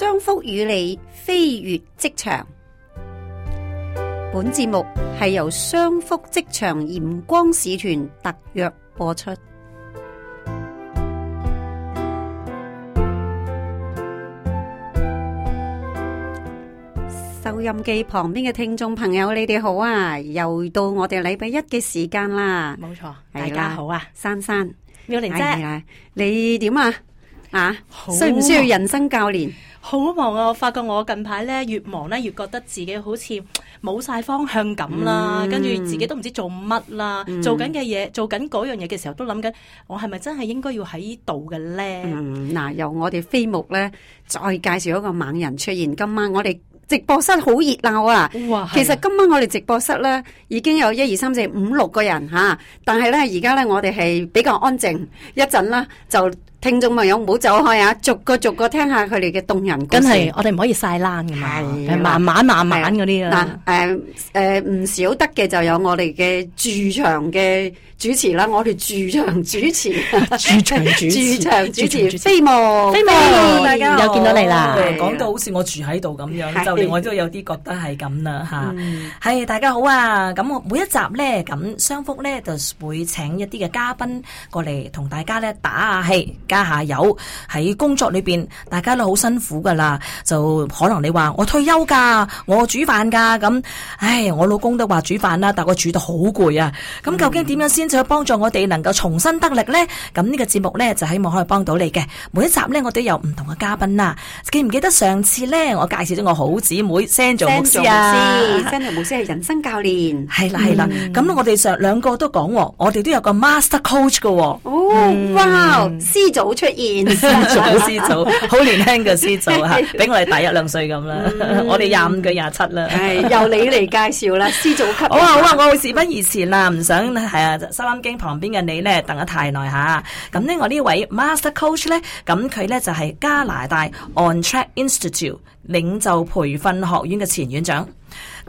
商福與你飛越職場，本節目係由商福職場鹽光使團特約播出。收音機旁邊嘅聽眾朋友，你哋好啊！又到我哋禮拜一嘅時間啦，冇錯，大家好啊！珊珊，妙玲姐，你點啊？啊，好啊，需唔需要人生教練？好忙啊！我發覺我近排咧越忙咧越覺得自己好似冇晒方向感啦，跟住、嗯、自己都唔知做乜啦、嗯。做緊嘅嘢，做緊嗰樣嘢嘅時候都是是，都諗緊我係咪真係應該要喺度嘅咧？嗱、啊，由我哋飛木咧再介紹一個猛人出現。今晚我哋直播室好熱鬧啊！哇其實今晚我哋直播室咧已經有一二三四五六個人吓、啊，但係咧而家咧我哋係比較安靜，一陣啦就。聽眾朋友唔好走開啊！逐個逐個聽下佢哋嘅動人。咁係，我哋唔可以晒冷㗎嘛，係慢慢慢慢嗰啲啦。嗱，誒誒，唔少得嘅就有我哋嘅駐場嘅主持啦。我哋駐場主持，駐場主持，飛牧，飛牧，大家好，又見到你啦！講到好似我住喺度咁樣，就連我都有啲覺得係咁啦吓。係，大家好啊！咁我每一集咧，咁雙福咧就會請一啲嘅嘉賓過嚟同大家咧打下氣。家下有，喺工作裏邊，大家都好辛苦噶啦，就可能你話我退休噶，我煮飯噶咁，唉，我老公都話煮飯啦，但係我煮到好攰啊！咁究竟點樣先至去幫助我哋能夠重新得力咧？咁呢個節目咧就希望可以幫到你嘅。每一集咧我都有唔同嘅嘉賓啦，記唔記得上次咧我介紹咗我好姊妹 Sander 牧師啊，Sander 牧師，Sander 牧師係人生教練，係啦係啦。咁、嗯、我哋上兩個都講，我哋都有個 master coach 嘅。哦，嗯、哇，嗯早出現、啊， 師師祖，好年輕嘅師祖吓，比我哋大一兩歲咁啦， 嗯、我哋廿五嘅廿七啦。係由你嚟介紹啦，師祖 好啊好啊，我會事不宜遲啦，唔想係啊收音機旁邊嘅你咧等得太耐吓。咁呢，我呢位 Master Coach 咧，咁佢咧就係、是、加拿大 On Track Institute 領袖培訓學院嘅前院長。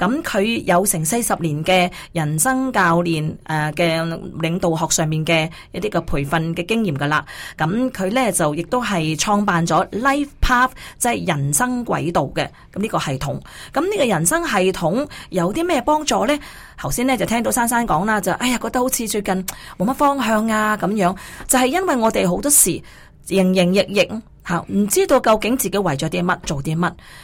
咁佢有成四十年嘅人生教練誒嘅領導學上面嘅一啲嘅培訓嘅經驗噶啦，咁佢呢就亦都係創辦咗 Life Path，即係人生軌道嘅咁呢個系統。咁呢個人生系統有啲咩幫助呢？頭先呢就聽到珊珊講啦，就哎呀覺得好似最近冇乜方向啊咁樣，就係因為我哋好多時營營役役吓，唔知道究竟自己為咗啲乜做啲乜。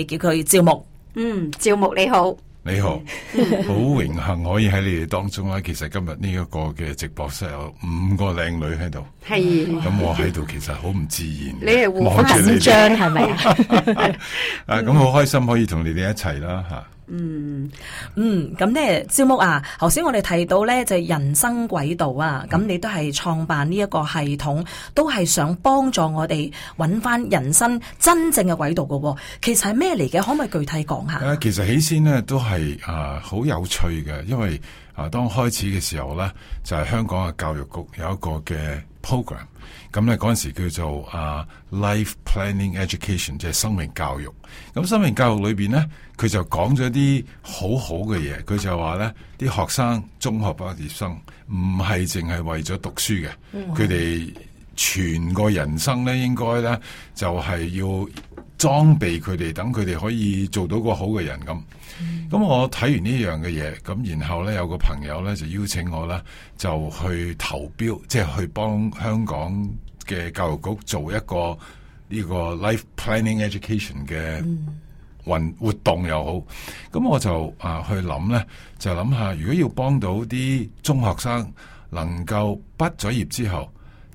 你叫佢趙牧，嗯，趙牧你好，你好，你好榮 幸可以喺你哋當中啦、啊。其實今日呢一個嘅直播室有五個靚女喺度，係的，咁哇我喺度其實好唔自然，你係護花金張，係咪啊？啊，咁好開心可以同你哋一齊啦、啊，吓。嗯嗯，咁、嗯、咧，趙牧啊，頭先我哋提到咧就是、人生軌道啊，咁你都係創辦呢一個系統，嗯、都係想幫助我哋揾翻人生真正嘅軌道噶、啊。其實係咩嚟嘅？可唔可以具體講下？誒，其實起先咧都係啊好有趣嘅，因為啊、呃、當開始嘅時候咧，就係、是、香港嘅教育局有一個嘅 program。咁咧嗰陣時叫做啊 Life Planning Education，即係生命教育。咁生命教育裏邊咧，佢就講咗一啲好好嘅嘢。佢就話咧，啲學生中學畢業生唔係淨係為咗讀書嘅，佢哋，嗯、全個人生咧，應該咧就係、是、要裝備佢哋，等佢哋可以做到個好嘅人咁。咁、嗯、我睇完呢樣嘅嘢，咁然後呢，有個朋友呢就邀請我呢就去投標，即係去幫香港嘅教育局做一個呢個 life planning education 嘅運活動又好，咁、嗯、我就啊去諗呢就諗下，如果要幫到啲中學生能夠畢咗業之後，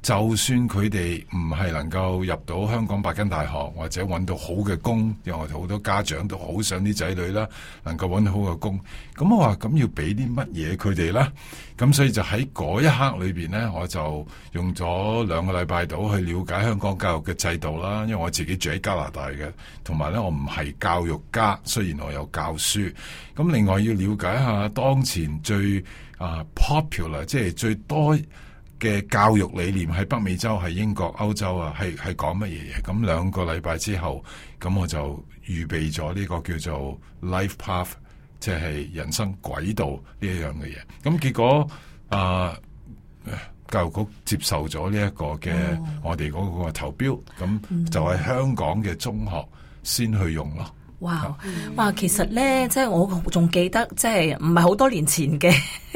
就算佢哋唔係能夠入到香港八間大學，或者揾到好嘅工，因為我哋好多家長都好想啲仔女啦，能夠揾到好嘅工。咁我話咁要俾啲乜嘢佢哋啦？咁所以就喺嗰一刻裏邊咧，我就用咗兩個禮拜度去了解香港教育嘅制度啦。因為我自己住喺加拿大嘅，同埋咧我唔係教育家，雖然我有教書。咁另外要了解一下當前最啊 popular，即係最多。嘅教育理念喺北美洲、喺英國、歐洲啊，係係講乜嘢嘢？咁兩個禮拜之後，咁我就預備咗呢個叫做 LifePath，即係人生軌道呢一樣嘅嘢。咁結果啊，教育局接受咗呢一個嘅我哋嗰個投標，咁就喺香港嘅中學先去用咯。哇、wow, 哇，其實咧，即係我仲記得，即係唔係好多年前嘅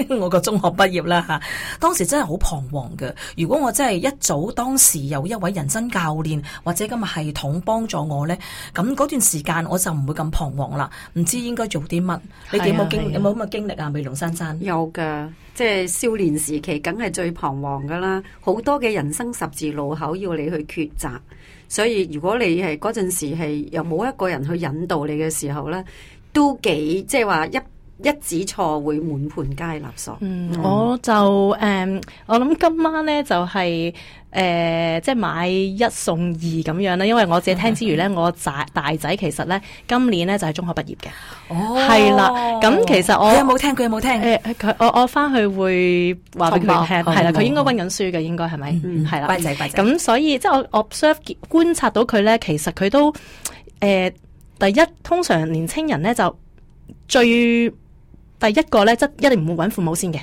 我個中學畢業啦吓，當時真係好彷徨嘅。如果我真係一早當時有一位人生教練或者今日系統幫助我咧，咁嗰段時間我就唔會咁彷徨啦。唔知應該做啲乜？你哋有冇經有冇咁嘅經歷啊？妙玲，啊、珊珊有嘅，即係少年時期梗係最彷徨噶啦，好多嘅人生十字路口要你去抉擇。所以如果你係嗰陣時係又冇一個人去引導你嘅時候呢，都幾，即係話一一子錯會滿盤皆落索。嗯，我就誒，嗯、我諗今晚呢就係、是。誒、呃，即係買一送二咁樣啦，因為我自己聽之餘咧，嗯、我仔大仔其實咧，今年咧就係中學畢業嘅，係啦、哦。咁其實我佢有冇聽？佢有冇聽？誒、呃，佢我我翻去會話俾佢聽，係啦。佢應該溫緊書嘅，應該係咪？嗯，係啦的。乖仔，咁所以即係我 observe 觀察到佢咧，其實佢都誒、呃，第一通常年青人咧就最第一個咧，即、就是、一定唔會搵父母先嘅。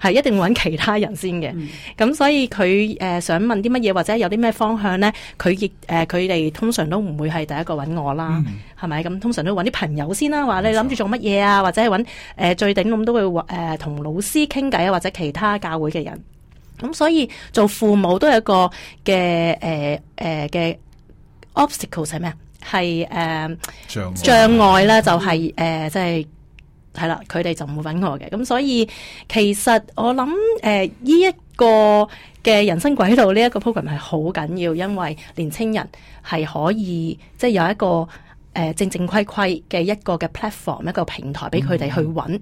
係一定揾其他人先嘅，咁、嗯、所以佢誒、呃、想問啲乜嘢或者有啲咩方向咧？佢亦誒佢哋通常都唔會係第一個揾我啦，係咪、嗯？咁通常都揾啲朋友先啦。話你諗住做乜嘢啊？錯或者係揾、呃、最頂咁都會誒同、呃、老師傾偈啊，或者其他教會嘅人。咁所以做父母都係一個嘅誒誒嘅 obstacles 係咩啊？係誒障障礙咧，就係誒即係係啦，佢哋就唔會揾我嘅。咁所以其實我諗，誒呢一個嘅人生軌道呢一個 program 係好緊要，因為年青人係可以即係有一個誒、呃、正正規規嘅一個嘅 platform 一個平台俾佢哋去揾。嗯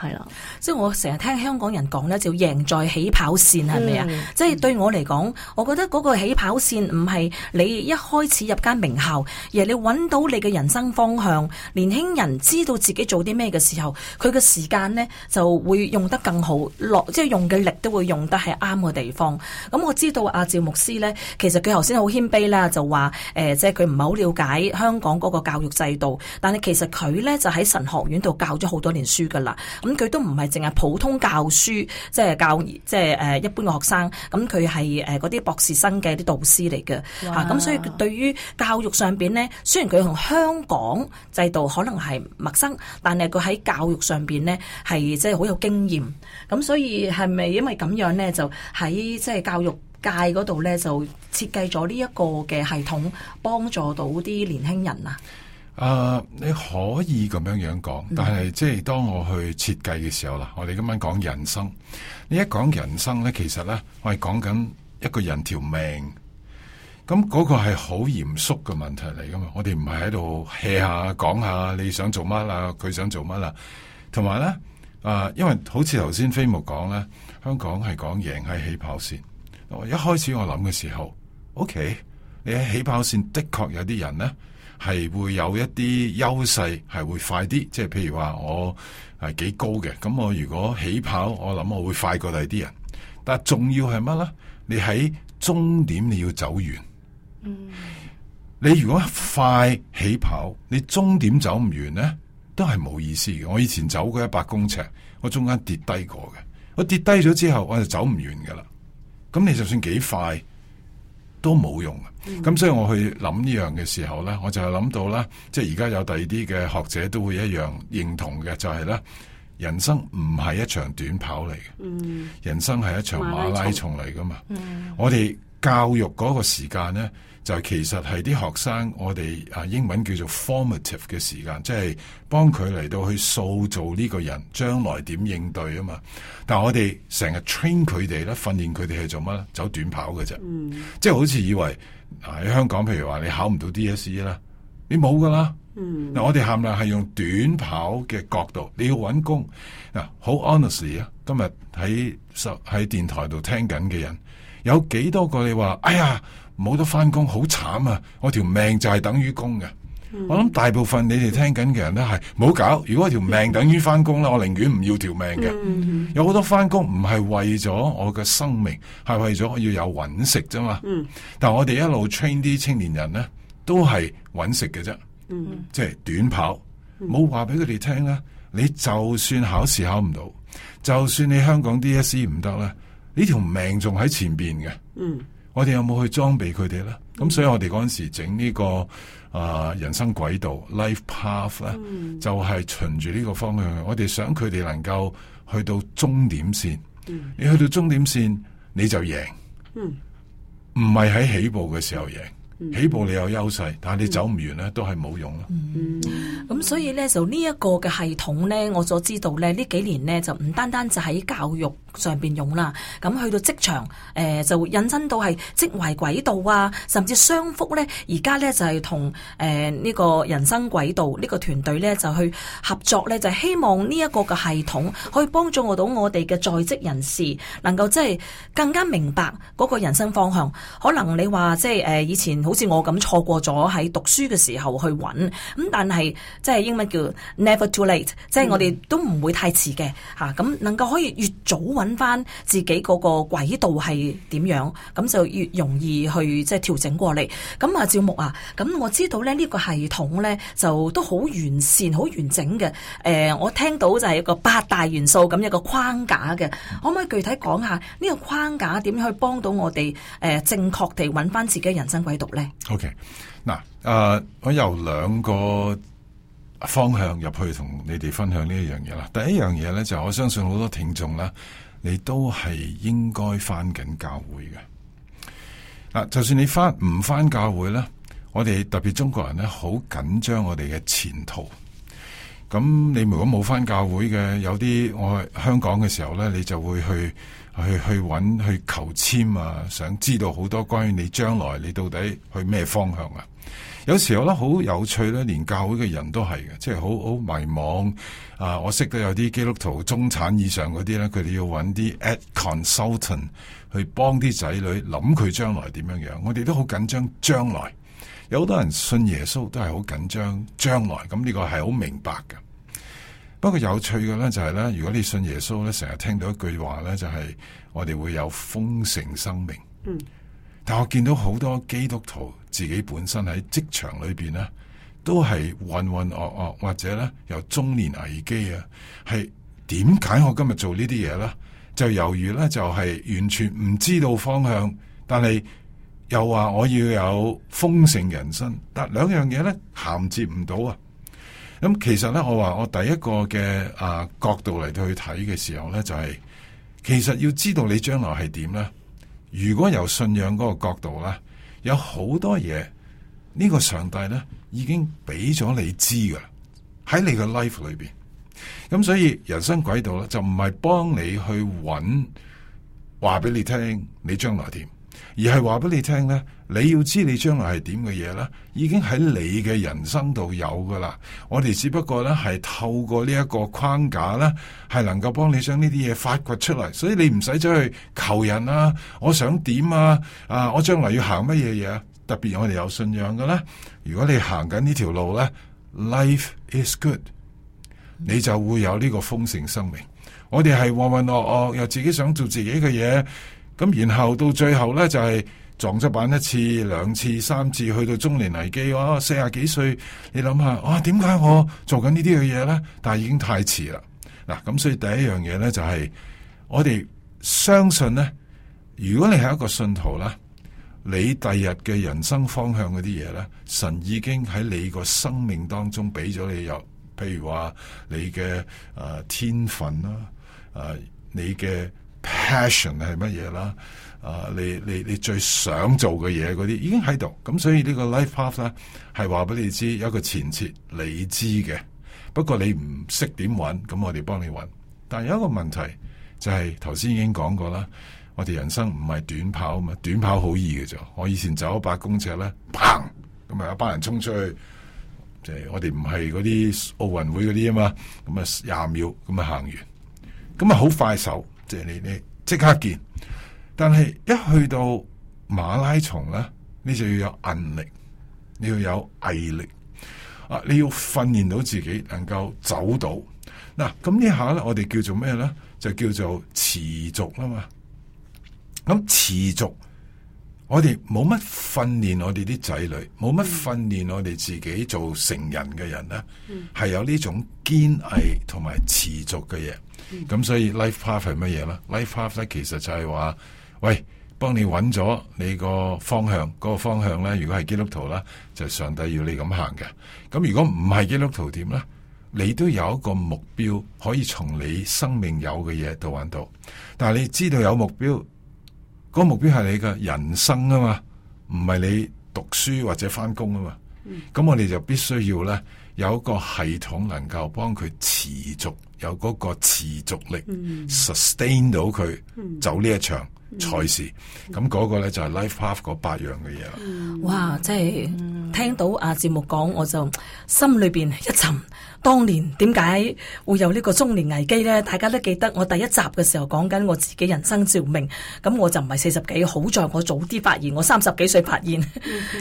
係啦，即係我成日聽香港人講呢，就贏在起跑線係咪啊？即係、嗯、對我嚟講，我覺得嗰個起跑線唔係你一開始入間名校，而係你揾到你嘅人生方向。年輕人知道自己做啲咩嘅時候，佢嘅時間呢就會用得更好，落即係用嘅力都會用得係啱嘅地方。咁我知道阿趙牧師呢，其實佢頭先好謙卑啦，就話誒，即係佢唔係好了解香港嗰個教育制度，但係其實佢呢就喺神學院度教咗好多年書噶啦。咁佢都唔係淨係普通教書，即係教即係誒一般嘅學生。咁佢係誒嗰啲博士生嘅啲導師嚟嘅吓。咁哇所以對於教育上邊咧，雖然佢同香港制度可能係陌生，但係佢喺教育上邊咧係即係好有經驗。咁所以係咪因為咁樣咧，就喺即係教育界嗰度咧，就設計咗呢一個嘅系統，幫助到啲年輕人啊？啊，uh, 你可以咁樣樣講，但係、mm hmm. 即係當我去設計嘅時候啦，我哋今晚講人生，你一講人生呢，其實呢，我係講緊一個人條命，咁、那、嗰個係好嚴肅嘅問題嚟噶嘛，我哋唔係喺度 hea 下講下你想做乜啦，佢想做乜啦，同埋呢，啊，因為好似頭先飛牧講呢，香港係講贏喺起跑線，一開始我諗嘅時候，OK，你喺起跑線的確有啲人呢。係會有一啲優勢，係會快啲，即係譬如話我係幾高嘅，咁我如果起跑，我諗我會快過第啲人。但係重要係乜呢？你喺終點你要走完。嗯，你如果快起跑，你終點走唔完呢？都係冇意思嘅。我以前走過一百公尺，我中間跌低過嘅，我跌低咗之後我就走唔完噶啦。咁你就算幾快。都冇用嘅，咁所以我去諗呢樣嘅時候呢，嗯、我就係諗到啦。即係而家有第二啲嘅學者都會一樣認同嘅，就係呢：人生唔係一場短跑嚟嘅，嗯、人生係一場馬拉松嚟噶嘛，我哋教育嗰個時間呢。就其實係啲學生，我哋啊英文叫做 formative 嘅時間，即係幫佢嚟到去塑造呢個人將來點應對啊嘛。但係我哋成日 train 佢哋咧，訓練佢哋係做乜咧？走短跑嘅啫，嗯、即係好似以為喺香港，譬如話你考唔到 DSE 啦，你冇噶啦。嗱、嗯，我哋含量係用短跑嘅角度，你要揾工嗱，好 honestly 啊，今日喺喺電台度聽緊嘅人，有幾多個你話，哎呀～冇得翻工，好慘啊！我條命就係等於工嘅。嗯、我諗大部分你哋聽緊嘅人都係冇搞。如果條命等於翻工啦，嗯、我寧願唔要條命嘅。嗯嗯嗯、有好多翻工唔係為咗我嘅生命，係為咗我要有揾食啫嘛。嗯、但係我哋一路 train 啲青年人咧，都係揾食嘅啫。即係、嗯、短跑，冇話俾佢哋聽啦。你就算考試考唔到，就算你香港 DSE 唔得啦，呢條命仲喺前邊嘅。嗯我哋有冇去裝備佢哋咧？咁所以我哋嗰陣時整呢個啊、呃、人生軌道 life path 咧，就係循住呢個方向。我哋想佢哋能夠去到終點線。你去到終點線，你就贏。唔係喺起步嘅時候贏。起步你有優勢，但係你走唔完咧，都係冇用啦。嗯，咁所以咧，就呢一個嘅系統咧，我所知道咧，呢幾年咧就唔單單就喺教育上邊用啦。咁、嗯、去到職場誒、呃、就引申到係職位軌道啊，甚至商福咧，而家咧就係同誒呢個人生軌道這個呢個團隊咧，就去合作咧，就希望呢一個嘅系統可以幫助我到我哋嘅在職人士，能夠即係更加明白嗰個人生方向。可能你話即係誒以前。好似我咁錯過咗喺讀書嘅時候去揾，咁但係即係英文叫 never too late，即係、嗯、我哋都唔會太遲嘅吓，咁能夠可以越早揾翻自己嗰個軌道係點樣，咁就越容易去即係調整過嚟。咁啊趙牧啊，咁我知道咧呢個系統咧就都好完善、好完整嘅。誒，我聽到就係一個八大元素咁一個框架嘅，可唔可以具體講下呢個框架點樣去幫到我哋誒正確地揾翻自己嘅人生軌道咧？O K，嗱，誒、okay。呃，我由兩個方向入去同你哋分享呢一樣嘢啦。第一樣嘢咧就係、是、我相信好多聽眾咧，你都係應該翻緊教會嘅。嗱、呃，就算你翻唔翻教會咧，我哋特別中國人咧好緊張我哋嘅前途。咁你如果冇翻教會嘅，有啲我去香港嘅時候咧，你就會去。去去揾去求籤啊。想知道好多關於你將來你到底去咩方向啊？有時候呢，好有趣咧，連教會嘅人都係嘅，即係好好迷茫啊。我識到有啲基督徒中產以上嗰啲咧，佢哋要揾啲 ad consultant 去幫啲仔女諗佢將來點樣樣。我哋都好緊張將來，有好多人信耶穌都係好緊張將來。咁呢個係好明白嘅。不過有趣嘅咧就係咧，如果你信耶穌咧，成日聽到一句話咧，就係我哋會有豐盛生命。嗯，但我見到好多基督徒自己本身喺職場裏邊咧，都係渾渾噩噩，或者咧有中年危機啊。係點解我今日做呢啲嘢咧？就猶豫咧，就係完全唔知道方向。但係又話我要有豐盛人生，但兩樣嘢咧銜接唔到啊。咁其實咧，我話我第一個嘅啊角度嚟到去睇嘅時候咧，就係、是、其實要知道你將來係點咧。如果由信仰嗰個角度咧，有好多嘢呢、這個上帝咧已經俾咗你知噶啦，喺你嘅 life 裏邊。咁所以人生軌道咧就唔係幫你去揾話俾你聽你將來點。而係話俾你聽呢，你要知你將來係點嘅嘢呢已經喺你嘅人生度有噶啦。我哋只不過呢係透過呢一個框架呢，係能夠幫你將呢啲嘢發掘出嚟。所以你唔使再去求人啊，我想點啊？啊，我將來要行乜嘢嘢？特別我哋有信仰嘅啦。如果你行緊呢條路呢，Life is good，你就會有呢個豐盛生命。我哋係渾渾噩噩，又自己想做自己嘅嘢。咁然後到最後咧，就係、是、撞咗板一次、兩次、三次，去到中年危機哦，四廿幾歲，你諗下，啊，點解我做緊呢啲嘅嘢咧？但係已經太遲啦。嗱、啊，咁所以第一樣嘢咧，就係、是、我哋相信咧，如果你係一個信徒啦，你第日嘅人生方向嗰啲嘢咧，神已經喺你個生命當中俾咗你有，譬如話你嘅誒、呃、天分啦，誒、呃、你嘅。Passion 係乜嘢啦？啊，uh，你你你最想做嘅嘢嗰啲已經喺度，咁所以呢個 LifePath 咧係話俾你知有一個前設你知嘅，不過你唔識點搵，咁我哋幫你搵。但係有一個問題就係頭先已經講過啦，我哋人生唔係短跑啊嘛，短跑好易嘅啫。我以前走一百公尺咧，砰咁啊，一班人衝出去，即係我哋唔係嗰啲奧運會嗰啲啊嘛，咁啊廿秒咁啊行完，咁啊好快手，即係你你。你即刻見，但係一去到馬拉松咧，你就要有韌力，你要有毅力啊！你要訓練到自己能夠走到嗱，咁呢下咧，我哋叫做咩咧？就叫做持續啊嘛！咁持續，我哋冇乜訓練我哋啲仔女，冇乜訓練我哋自己做成人嘅人咧，係、嗯、有呢種堅毅同埋持續嘅嘢。咁、嗯、所以 life path 係乜嘢咧？life path 咧其實就係話，喂，幫你揾咗你方、嗰個方向，嗰個方向咧，如果係基督徒咧，就是、上帝要你咁行嘅。咁如果唔係基督徒點咧？你都有一個目標，可以從你生命有嘅嘢度揾到。但係你知道有目標，嗰、嗰個目標係你嘅人生啊嘛，唔係你讀書或者翻工啊嘛。咁我哋就必須要咧。有個系統能夠幫佢持續有嗰個持續力、嗯、sustain 到佢、嗯、走呢一場賽事，咁嗰、嗯嗯、個咧就係 life path 嗰八樣嘅嘢啦。哇！即係聽到阿、啊、節目講，我就心裏面一沉。當年點解會有呢個中年危機呢？大家都記得我第一集嘅時候講緊我自己人生照明，咁我就唔係四十幾，好在我早啲發現，我三十幾歲發現，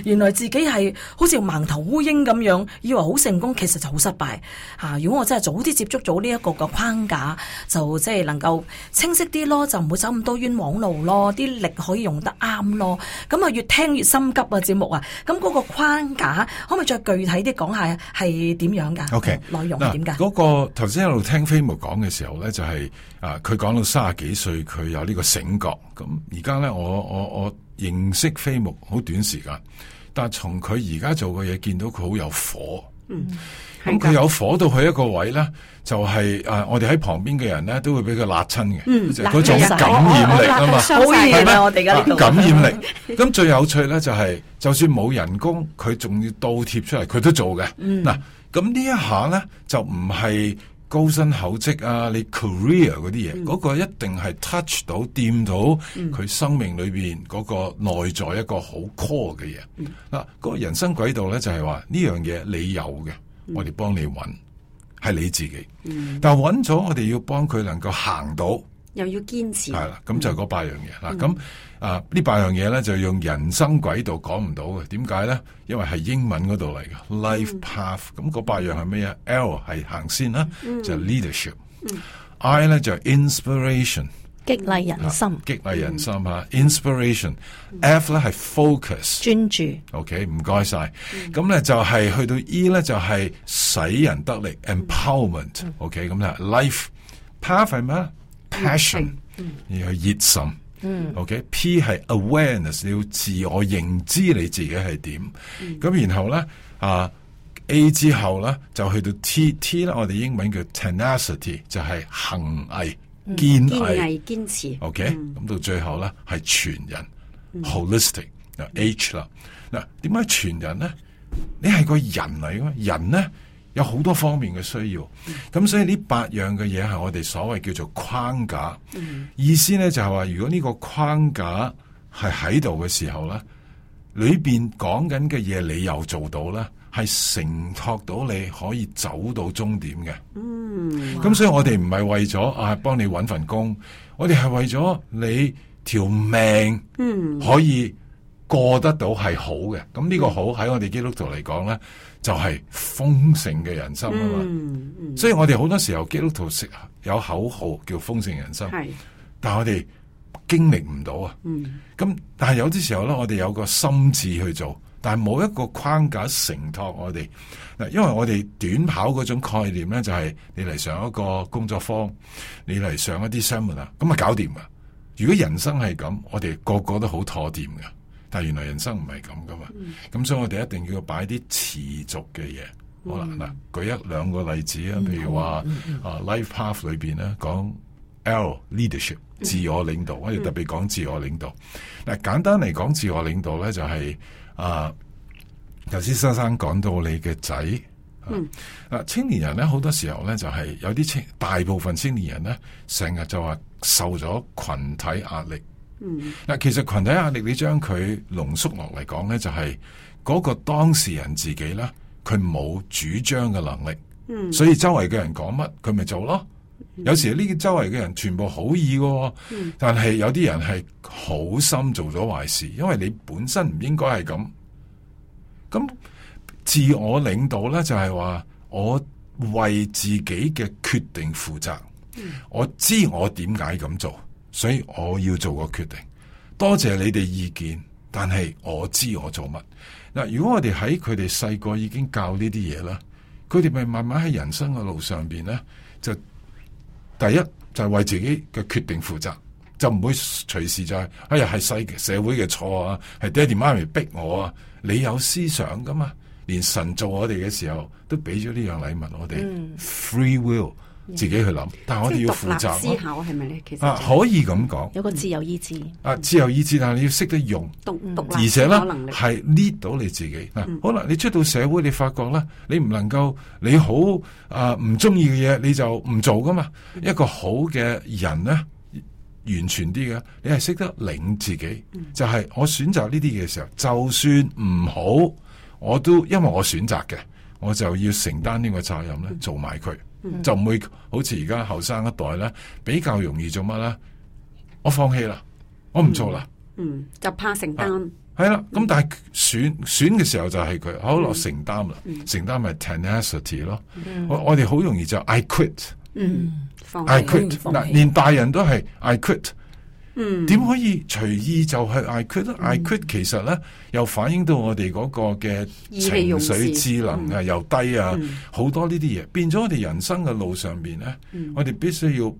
原來自己係好似盲頭烏蠅咁樣，以為好成功，其實就好失敗。吓、啊，如果我真係早啲接觸咗呢一個個框架，就即係能夠清晰啲咯，就唔會走咁多冤枉路咯，啲力可以用得啱咯。咁啊，越聽越心急啊，節目啊，咁嗰個框架可唔可以再具體啲講下係點樣噶？OK。嗰個頭先喺度聽飛牧講嘅時候咧，就係啊，佢講到三十幾歲，佢有呢個醒覺。咁而家咧，我我我認識飛牧好短時間，但係從佢而家做嘅嘢，見到佢好有火。咁佢有火到去一個位咧，就係啊，我哋喺旁邊嘅人咧，都會俾佢辣親嘅。嗯，嗰種感染力啊嘛，我哋嘅感染力。咁最有趣咧，就係就算冇人工，佢仲要倒貼出嚟，佢都做嘅。嗯，嗱。咁呢一下咧，就唔係高薪厚職啊，你 career 嗰啲嘢，嗰個一定係 touch 到、掂到佢生命裏邊嗰個內在一個好 core 嘅嘢。嗱，個人生軌道咧就係話呢樣嘢你有嘅，我哋幫你揾，係你自己。但係揾咗，我哋要幫佢能夠行到。又要堅持係啦，咁就係嗰八樣嘢啦。咁啊，呢八樣嘢咧就用人生軌道講唔到嘅。點解咧？因為係英文嗰度嚟嘅。Life path，咁嗰八樣係咩啊？L 係行先啦，就係 leadership。I 咧就 inspiration，激勵人心，激勵人心吓。Inspiration，F 咧係 focus，專注。OK，唔該晒。咁咧就係去到 E 咧就係使人得力，empowerment。OK，咁就 life path 係咩？passion，、嗯嗯、要熱心，OK，P、okay? 嗯、係 awareness，你要自我認知你自己係點，咁、嗯、然後咧啊 A 之後咧就去到 T，T 咧我哋英文叫 tenacity，就係行堅毅堅、嗯、毅堅持，OK，咁、嗯、到最後咧係全人 holistic，H 啦，嗱點解全人咧？你係個人嚟噶人咧？有好多方面嘅需要，咁所以呢八樣嘅嘢係我哋所謂叫做框架，嗯、意思咧就係話，如果呢個框架係喺度嘅時候咧，裏邊講緊嘅嘢你又做到咧，係承托到你可以走到終點嘅。嗯，咁所以我哋唔係為咗啊幫你搵份工，我哋係為咗你條命，可以過得到係好嘅。咁呢、嗯、個好喺、嗯、我哋基督徒嚟講咧。就係豐盛嘅人生啊嘛、嗯，嗯、所以我哋好多時候基督徒食有口號叫豐盛人生是，但係我哋經歷唔到啊、嗯。咁但係有啲時候咧，我哋有個心志去做，但係冇一個框架，承托我哋嗱，因為我哋短跑嗰種概念咧，就係你嚟上一個工作坊，你嚟上一啲 seminar 啊，咁啊搞掂啊！如果人生係咁，我哋個個都好妥掂噶。但係原來人生唔係咁噶嘛，咁、嗯、所以我哋一定要擺啲持續嘅嘢。好啦，嗱、嗯，舉一兩個例子例說、嗯、啊，譬如話啊，Life Path 裏面咧講 L Leadership 自我領導，我哋、嗯、特別講自我領導。嗱、嗯，簡單嚟講自我領導咧就係、是、啊，頭先生生講到你嘅仔、嗯啊，青年人咧好多時候咧就係、是、有啲青大部分青年人咧成日就話受咗群體壓力。嗯，嗱，其實群體壓力你將佢濃縮落嚟講呢，就係嗰個當事人自己啦，佢冇主張嘅能力，所以周圍嘅人講乜佢咪做咯。有時呢個周圍嘅人全部好意喎，但係有啲人係好心做咗壞事，因為你本身唔應該係咁。咁自我領導呢，就係話我為自己嘅決定負責，我知我點解咁做。所以我要做個決定，多謝你哋意見，但係我知我做乜。嗱，如果我哋喺佢哋細個已經教呢啲嘢啦，佢哋咪慢慢喺人生嘅路上邊咧，就第一就係為自己嘅決定負責，就唔會隨時就係哎呀係細嘅社會嘅錯啊，係爹哋媽咪逼我啊，你有思想噶嘛？連神做我哋嘅時候都俾咗呢樣禮物我哋、嗯、free will。自己去諗，但係我哋要負責、啊。思考係咪咧？其實可以咁講，有個自由意志。啊，嗯、自由意志，但係你要識得用，嗯、而且咧係 lead 到你自己。嗱、啊，好啦，你出到社會，嗯、你發覺咧，你唔能夠你好啊唔中意嘅嘢，你就唔做噶嘛。嗯、一個好嘅人咧，完全啲嘅，你係識得領自己，嗯、就係我選擇呢啲嘅時候，就算唔好，我都因為我選擇嘅，我就要承擔呢個責任咧，嗯、做埋佢。就唔會好似而家後生一代咧，比較容易做乜咧？我放棄啦，我唔做啦、嗯。嗯，就怕承擔。係啦、啊，咁但係選、嗯、選嘅時候就係佢好落、嗯、承擔啦，嗯、承擔咪 tenacity 咯。嗯、我我哋好容易就 I quit，嗯放，I quit，嗱，連大人都係 I quit。點可以隨意就去 I quit、嗯、I quit 其實咧又反映到我哋嗰個嘅情緒智能啊，又低啊，好、嗯、多呢啲嘢，變咗我哋人生嘅路上面咧，嗯、我哋必須要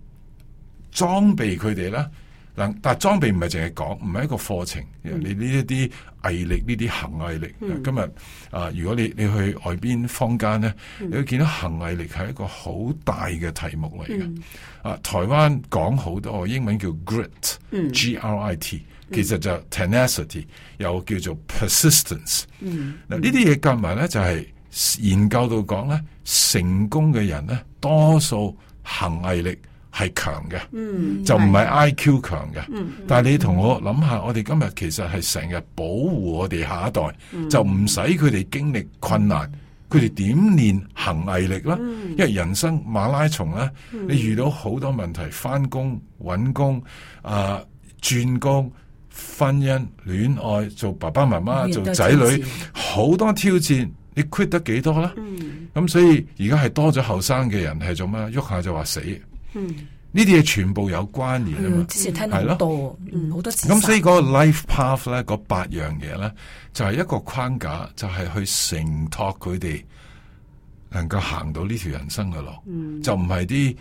裝備佢哋啦。嗱，但裝備唔係淨係講，唔係一個課程。嗯、你呢一啲毅力呢啲恆毅力，嗯、今日啊，如果你你去外邊坊間咧，你會見到恆毅力係一個好大嘅題目嚟嘅。啊，台灣講好多英文叫 grit，G、嗯、R I T，其實就 tenacity，又叫做 persistence。嗱呢、嗯、啲嘢夾埋咧，就係研究到講咧，成功嘅人咧，多數恆毅力。係強嘅，就唔係 IQ 強嘅。但係你同我諗下，我哋今日其實係成日保護我哋下一代，就唔使佢哋經歷困難，佢哋點練恆毅力啦。因為人生馬拉松咧，你遇到好多問題，翻工、揾工、啊轉工、婚姻、戀愛、做爸爸媽媽、做仔女，好多挑戰，你 quit 得幾多啦？咁所以而家係多咗後生嘅人係做咩？喐下就話死。嗯，呢啲嘢全部有關聯啊嘛，係、嗯、咯，之前聽好多，嗯，好多。咁所以嗰個 life path 咧，嗰八樣嘢咧，就係、是、一個框架，就係、是、去承托佢哋能夠行到呢條人生嘅路，嗯、就唔係啲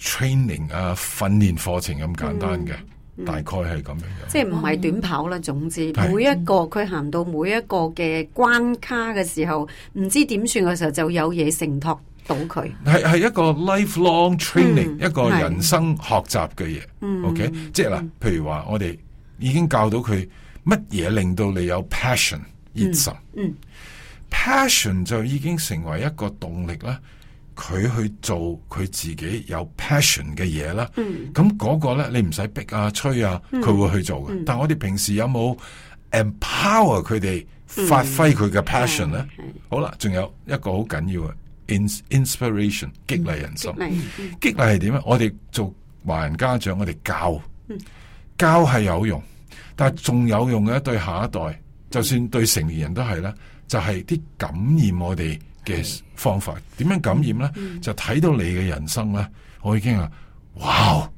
training 啊訓練課程咁簡單嘅，嗯嗯、大概係咁樣。即係唔係短跑啦，嗯、總之每一個佢行到每一個嘅關卡嘅時候，唔是、嗯、知點算嘅時候，就有嘢承托。賭佢係係一個 lifelong training，、嗯、一個人生學習嘅嘢。O K，即係嗱，譬如話我哋已經教到佢乜嘢令到你有 passion,、嗯嗯、passion、熱情。passion 就已經成為一個動力啦，佢去做佢自己有 passion 嘅嘢啦。嗯，咁嗰個咧，你唔使逼啊、催啊，佢會去做嘅。但係我哋平時有冇 empower 佢哋發揮佢嘅 passion 咧？嗯嗯、好啦，仲有一個好緊要嘅。Inspiration 激勵人心，激勵係點啊？我哋做華人家長，我哋教教係有用，但係仲有用嘅，對下一代，就算對成年人都係呢就係、是、啲感染我哋嘅方法，點的樣感染咧？嗯嗯、就睇到你嘅人生咧，我已經啊，哇！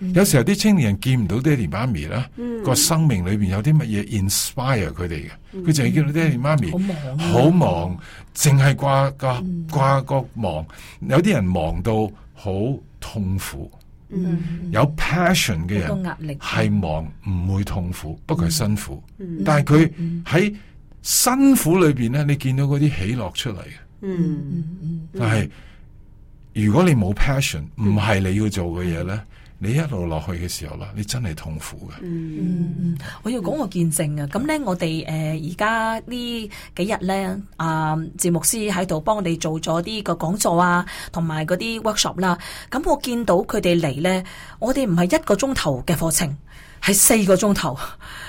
Mm hmm. 有時候啲青年人見唔到爹哋媽咪啦，mm hmm. 個生命裏邊有啲乜嘢 inspire 佢哋嘅，佢淨係見到爹哋媽咪，好忙，好忙，mm，淨係掛個掛、mm hmm. 個忙。有啲人忙到好痛苦，mm hmm. 有 passion 嘅人係忙唔會痛苦，不過係辛苦。Mm hmm. 但係佢喺辛苦裏邊咧，你見到嗰啲喜樂出嚟嘅。Mm hmm. 但係如果你冇 passion，唔係你要做嘅嘢咧。你一路落去嘅時候啦，你真係痛苦嘅。嗯，我要講個見證啊！咁咧，呃、在我哋誒而家呢幾日咧，啊節目師喺度幫我哋做咗啲個講座啊，同埋嗰啲 workshop 啦。咁我見到佢哋嚟咧，我哋唔係一個鐘頭嘅課程，係四個鐘頭。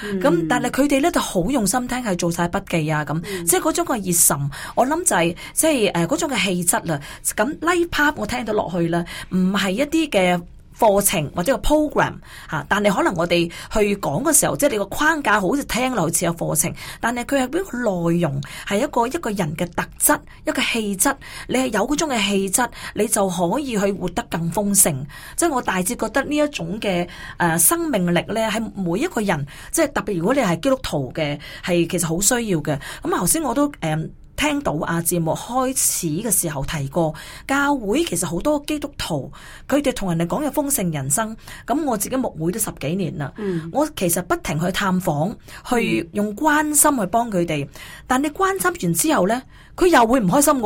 咁、嗯、但係佢哋咧就好用心聽，係做晒筆記啊，咁、嗯、即係嗰種嘅熱忱。我諗就係即係誒嗰種嘅氣質啦。咁 LifePath 我聽到落去啦，唔係一啲嘅。課程或者個 program 吓，但係可能我哋去講嘅時候，即係你個框架好似聽落似有課程，但係佢係邊個內容係一個一個人嘅特質，一個氣質。你係有嗰種嘅氣質，你就可以去活得更豐盛。即係我大致覺得呢一種嘅誒、呃、生命力咧，係每一個人，即係特別如果你係基督徒嘅，係其實好需要嘅。咁頭先我都、嗯聽到啊，節目開始嘅時候提過，教會其實好多基督徒，佢哋同人哋講嘅豐盛人生。咁我自己牧會都十幾年啦，我其實不停去探訪，去用關心去幫佢哋。但你關心完之後呢，佢又會唔開心嘅。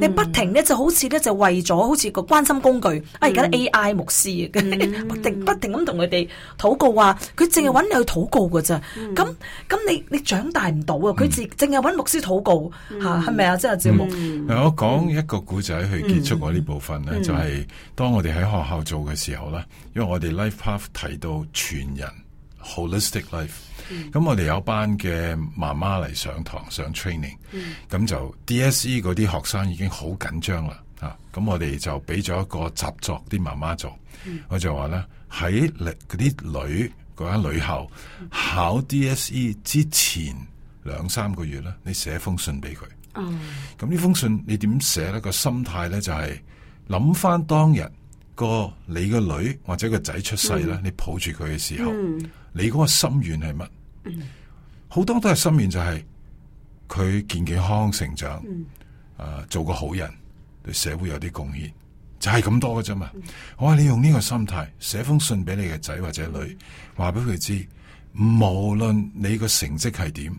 你不停呢，就好似呢就為咗好似個關心工具。啊，而家啲 AI 牧師，不停不停咁同佢哋禱告，話佢淨係揾你去禱告㗎咋。咁，咁你你長大唔到啊，佢淨淨係揾牧師禱告。嚇係咪啊？即、這、係、個、節目、嗯。我講、嗯、一個古仔去結束我呢部分咧，嗯、就係當我哋喺學校做嘅時候咧，嗯、因為我哋 LifePath 提到全人 Holistic Life，咁、嗯、我哋有一班嘅媽媽嚟上堂上 training，咁、嗯、就 DSE 嗰啲學生已經好緊張啦嚇，咁、啊、我哋就俾咗一個習作啲媽媽做，嗯、我就話咧喺嗰啲女嗰間女校考 DSE 之前，兩三個月啦，你寫封信俾佢。哦，咁呢封信你點寫呢？個心態呢，就係諗翻當日，個你個女或者個仔出世呢，mm. 你抱住佢嘅時候，mm. 你嗰個心願係乜？好，mm. 多都係心願就係，是，佢健健康康成長，mm. 呃，做個好人對社會有啲貢獻，就係，是，咁多㗎啫嘛。Mm. 我話你用呢個心態寫封信俾你嘅仔或者女，話俾佢知，無論你個成績係點，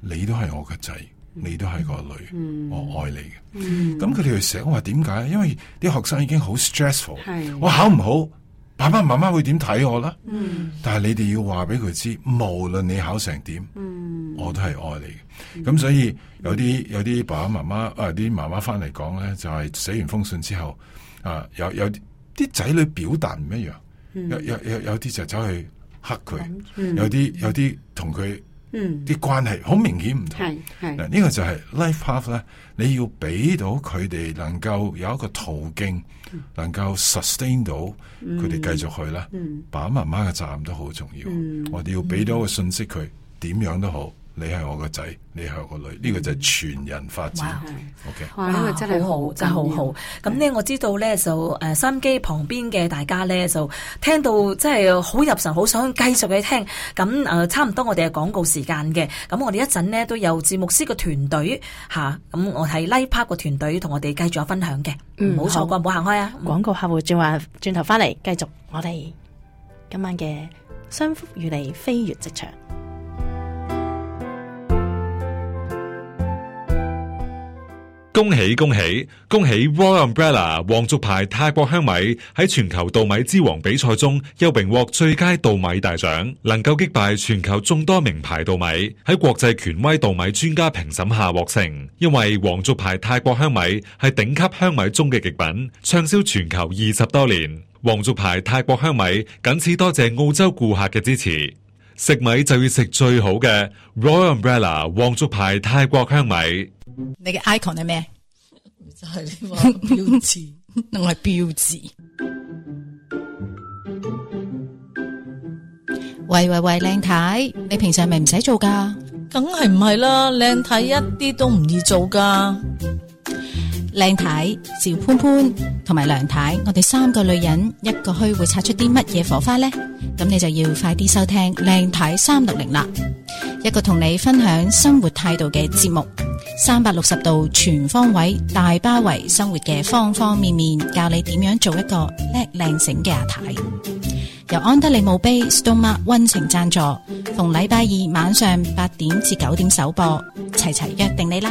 你都係我嘅仔，嗯、你都係個女，嗯、我愛你嘅。咁佢哋去寫，我話點解？因為啲學生已經好 stressful，的我考唔好，爸爸媽媽會點睇我啦？嗯、但係你哋要話俾佢知，無論你考成點，嗯、我都係愛你嘅。咁所以有啲有啲爸爸媽媽啊，啲媽媽翻嚟講咧，就係、是、寫完封信之後啊，有有啲仔女表達唔一樣，有啲就走去嚇佢，有啲有啲同佢。嗯，啲關係好明顯唔同，係係嗱，呢個就係 life path 咧，你要俾到佢哋能夠有一個途徑，嗯、能夠 sustain 到佢哋繼續去啦，爸爸、嗯、媽媽嘅責任都好重要，嗯、我哋要俾到個信息佢，點、嗯、樣都好。你係我個仔，你係我個女，呢、嗯、個就係全人發展。呢個真係好，真係 Okay、啊、好好。咁呢人，好好那我知道呢，的就誒、啊，收音機旁邊嘅大家呢，就聽到真係好入神，好想繼續去聽。咁誒、啊，差唔多我哋嘅廣告時間嘅。咁我哋一陣呢，都有趙牧師嘅團隊吓，咁、啊、我係 LifePath 嘅團隊同我哋繼續分享嘅。嗯，唔好錯過，唔好行開啊！廣告客戶轉還轉頭翻嚟，繼續我哋今晚嘅商福與你飛越職場。恭喜恭喜恭喜 Royal Umbrella 皇族牌泰國香米喺全球稻米之王比賽中又榮獲最佳稻米大獎，能夠擊敗全球眾多名牌稻米喺國際權威稻米專家評審下獲勝。因為皇族牌泰國香米係頂級香米中嘅極品，暢銷全球二十多年。皇族牌泰國香米謹此多謝澳洲顧客嘅支持。食米就要食最好嘅 Royal Umbrella 皇族牌泰國香米。你嘅 icon 係咩？就係標誌，我係標誌。喂喂喂，靚太，你平常係咪唔使做噶？梗係唔係啦，靚太一啲都唔易做噶。靚太、趙潘潘同埋梁太，我哋三個女人一個墟，會擦出啲乜嘢火花咧？咁你就要快啲收聽靚太三六零啦，一個同你分享生活態度嘅節目。三百六十度全方位大包圍生活嘅方方面面，教你點樣做一個叻靚醒嘅阿太。由安德利墓碑 Stone Mark 溫情贊助，逢禮拜二晚上八點至九點首播，齊齊約定你啦！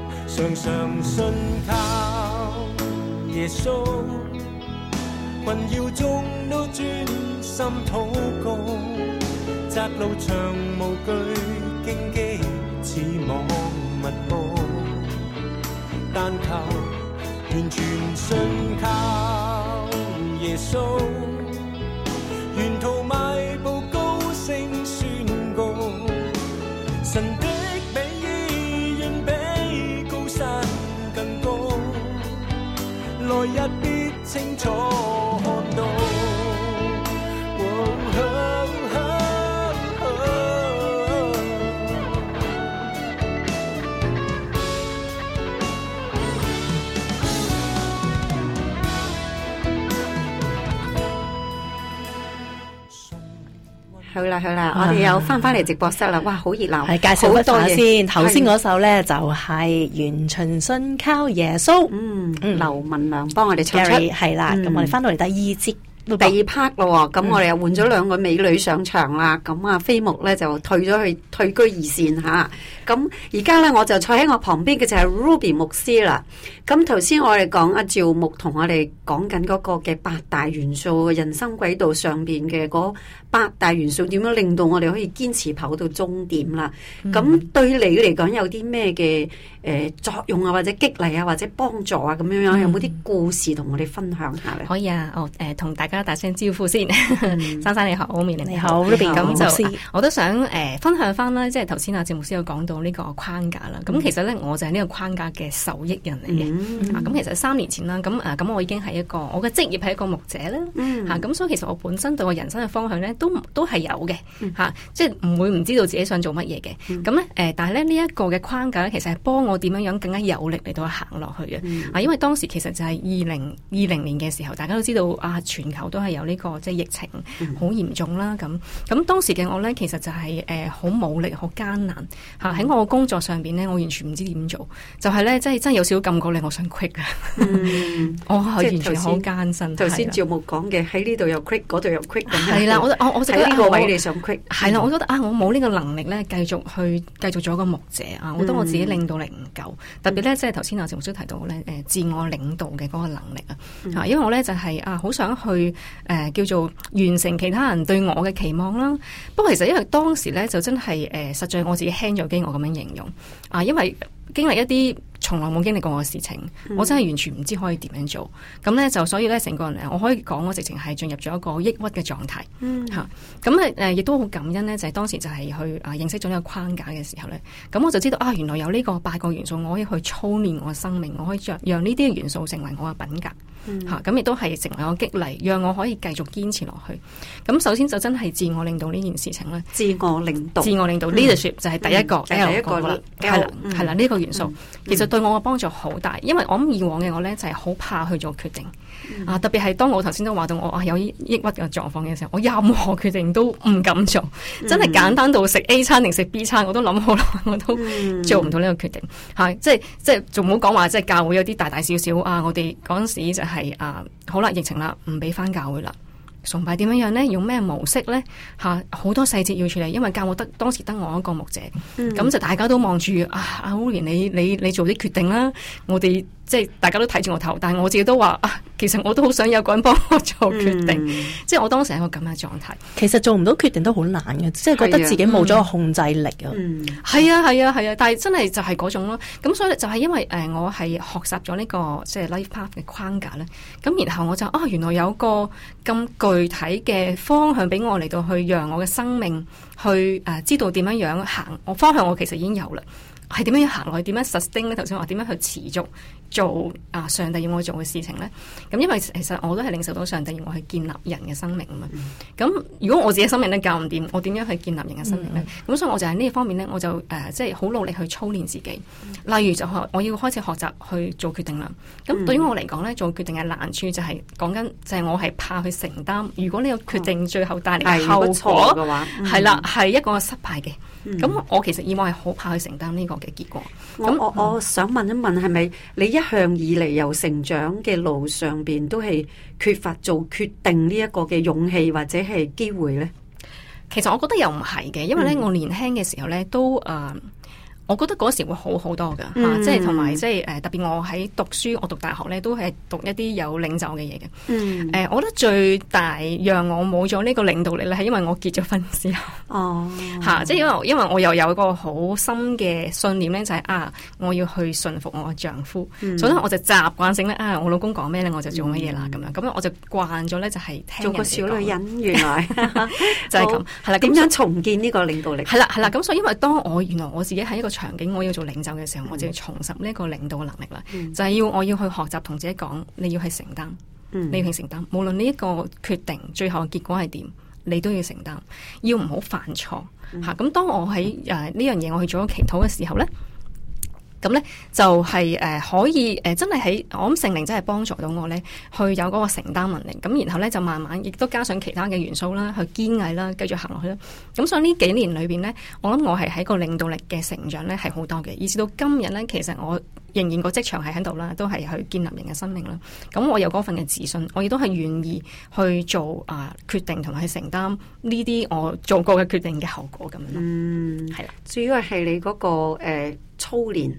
常常信靠耶穌，困擾中都專心禱告，窄路長無懼荊棘似網密布，單求完全信靠耶穌，沿途一必清楚。去啦去啦，我哋又翻翻嚟直播室啦，哇，好熱鬧！係介紹一下先，頭先嗰首咧是就係《完全信靠耶穌》，嗯，劉、嗯、文良幫我哋唱出係啦。咁我哋翻到嚟第二節第二 part 咯，咁、嗯、我哋又換咗兩個美女上場啦。咁、嗯、啊，飛牧咧就退咗去退居二線吓。咁而家咧我就坐喺我旁邊嘅就係 Ruby 牧師啦。咁頭先我哋講阿趙牧同我哋講緊嗰個嘅八大元素人生軌道上邊嘅嗰。八大元素點樣令到我哋可以堅持跑到終點啦，咁對你嚟講有啲咩嘅誒作用啊，或者激勵啊，或者幫助啊咁樣樣，有冇啲故事同我哋分享下咧？可以啊，哦誒，同大家打聲招呼先，珊珊你好，我妙玲，你好，呢邊。咁就我都想誒分享翻啦，即係頭先阿謝牧師有講到呢個框架啦。咁其實咧，我就係呢個框架嘅受益人嚟嘅。咁其實三年前啦，咁啊咁我已經係一個我嘅職業係一個牧者啦。嚇，咁所以其實我本身對我人生嘅方向咧。都都係有嘅，吓，即係唔會唔知道自己想做乜嘢嘅。咁咧，誒，但係咧呢一個嘅框架咧，其實係幫我點樣樣更加有力嚟到行落去嘅。啊，因為當時其實就係二零二零年嘅時候，大家都知道啊，全球都係有呢個即係疫情好嚴重啦。咁咁當時嘅我咧，其實就係誒好冇力，好艱難吓。喺我工作上邊咧，我完全唔知點做，就係咧真係真有少少感覺，令我想 quit 嗯，我完全好艱辛。頭先趙牧講嘅喺呢度又 quit，嗰度又 quit 係啦，我。我喺呢個位地上，係啦，我覺得啊，我冇呢個能力咧，繼續去繼續做一個牧者啊，我覺得我自己領導力唔夠，嗯、特別咧，嗯、即係頭先阿陳紅提到咧，誒自我領導嘅嗰個能力啊，嚇、嗯，因為我咧就係啊，好想去誒、呃、叫做完成其他人對我嘅期望啦。不過其實因為當時咧就真係誒、呃，實在我自己輕咗機，我咁樣形容啊、呃，因為。經歷一啲從來冇經歷過嘅事情，我真係完全唔知可以點樣做。咁咧就所以咧，成個人，我可以講我直情係進入咗一個抑鬱嘅狀態。吓咁呢，誒，亦都好感恩呢。就係當時就係去認識咗呢個框架嘅時候呢。咁我就知道啊，原來有呢個八個元素，我可以去操練我嘅生命，我可以讓呢啲元素成為我嘅品格。吓咁，亦都係成為我激勵，讓我可以繼續堅持落去。咁首先就真係自我領導呢件事情咧，自我領導，自我領導 leadership 就係第一個，一個啦，係啦，呢個。元素、嗯嗯、其實對我嘅幫助好大，因為我諗以往嘅我呢就係、是、好怕去做決定、嗯、啊，特別係當我頭先都話到我啊有抑鬱嘅狀況嘅時候，我任何決定都唔敢做，嗯、真係簡單到食 A 餐定食 B 餐，我都諗好耐，我都做唔到呢個決定，係即係即係仲好講話，即係教會有啲大大小小啊，我哋嗰陣時就係、是、啊，好啦，疫情啦，唔俾翻教會啦。崇拜點樣呢？咧？用咩模式咧？好多細節要處理，因為教我得當時得我一個牧者，咁、嗯、就大家都望住啊，阿 w 你你你做啲決定啦，我哋。即係大家都睇住我頭，但係我自己都話、啊，其實我都好想有個人幫我做決定。嗯、即係我當時係個咁嘅狀態。其實做唔到決定都好難嘅，即係覺得自己冇咗控制力啊。係啊，係、嗯、啊，係啊了。但係真係就係嗰種咯。咁所以就係因為誒、呃，我係學習咗呢個即係、就是、LifePath 嘅框架咧。咁然後我就啊，原來有個咁具體嘅方向俾我嚟到去讓我嘅生命去誒、呃、知道點樣樣行。我方向我其實已經有啦。係點樣樣行落去？我點樣 sustain 咧？頭先話點樣去持續？做啊！上帝要我做嘅事情呢，咁因為其實我都係領受到上帝要我去建立人嘅生命啊嘛。咁、嗯、如果我自己的生命都搞唔掂，我點樣去建立人嘅生命呢？咁、嗯、所以我就喺呢一方面呢，我就誒即係好努力去操練自己。嗯、例如就學，我要開始學習去做決定啦。咁對於我嚟講呢，做決定嘅難處就係講緊，嗯、就係我係怕去承擔。如果你有決定，嗯、最後帶嚟後果嘅話，係、嗯、啦，係一個失敗嘅。咁、嗯、我其實以往係好怕去承擔呢個嘅結果。咁、嗯、那我我，我想問一問，係咪你一？一向以嚟，由成長嘅路上邊，都係缺乏做決定呢一個嘅勇氣或者係機會呢？其實我覺得又唔係嘅，因為呢，我年輕嘅時候呢都啊。嗯我覺得嗰時會好好多噶，即係同埋即係誒，特別我喺讀書，我讀大學咧都係讀一啲有領袖嘅嘢嘅。誒、嗯、呃，我覺得最大讓我冇咗呢個領導力咧，係因為我結咗婚之後，吓、哦，即係因為因為我又有一個好深嘅信念咧，就係、是、啊，我要去順服我嘅丈夫，嗯、所以咧我就習慣性咧啊，我老公講咩咧，我就做乜嘢啦，咁、嗯、樣，咁我就慣咗咧，就係做個小女人，原來 就係咁，係好啦。點怎樣重建呢個領導力？係啦，係啦，咁所以因為當我原來我自己喺一個。場景我要做領袖嘅時候，我就要重拾呢一個領導嘅能力啦。嗯、就係要我要去學習同自己講，你要去承擔，嗯、你要去承擔，無論呢一個決定最後嘅結果係點，你都要承擔。要唔好犯錯吓。咁、嗯啊、當我喺誒呢樣嘢我去做咗祈禱嘅時候呢。咁咧就係、是、誒、呃、可以誒、呃、真係喺我諗聖靈真係幫助到我咧，去有嗰個承擔能力。咁然後咧就慢慢亦都加上其他嘅元素啦，去堅毅啦，繼續行落去啦。咁所以呢幾年裏面咧，我諗我係喺個領導力嘅成長咧係好多嘅。以至到今日咧，其實我仍然個職場係喺度啦，都係去建立人嘅生命啦。咁我有嗰份嘅自信，我亦都係願意去做啊決定同埋去承擔呢啲我做過嘅決定嘅後果咁樣咯。嗯，係啦，主要係你嗰、那個、呃、操練。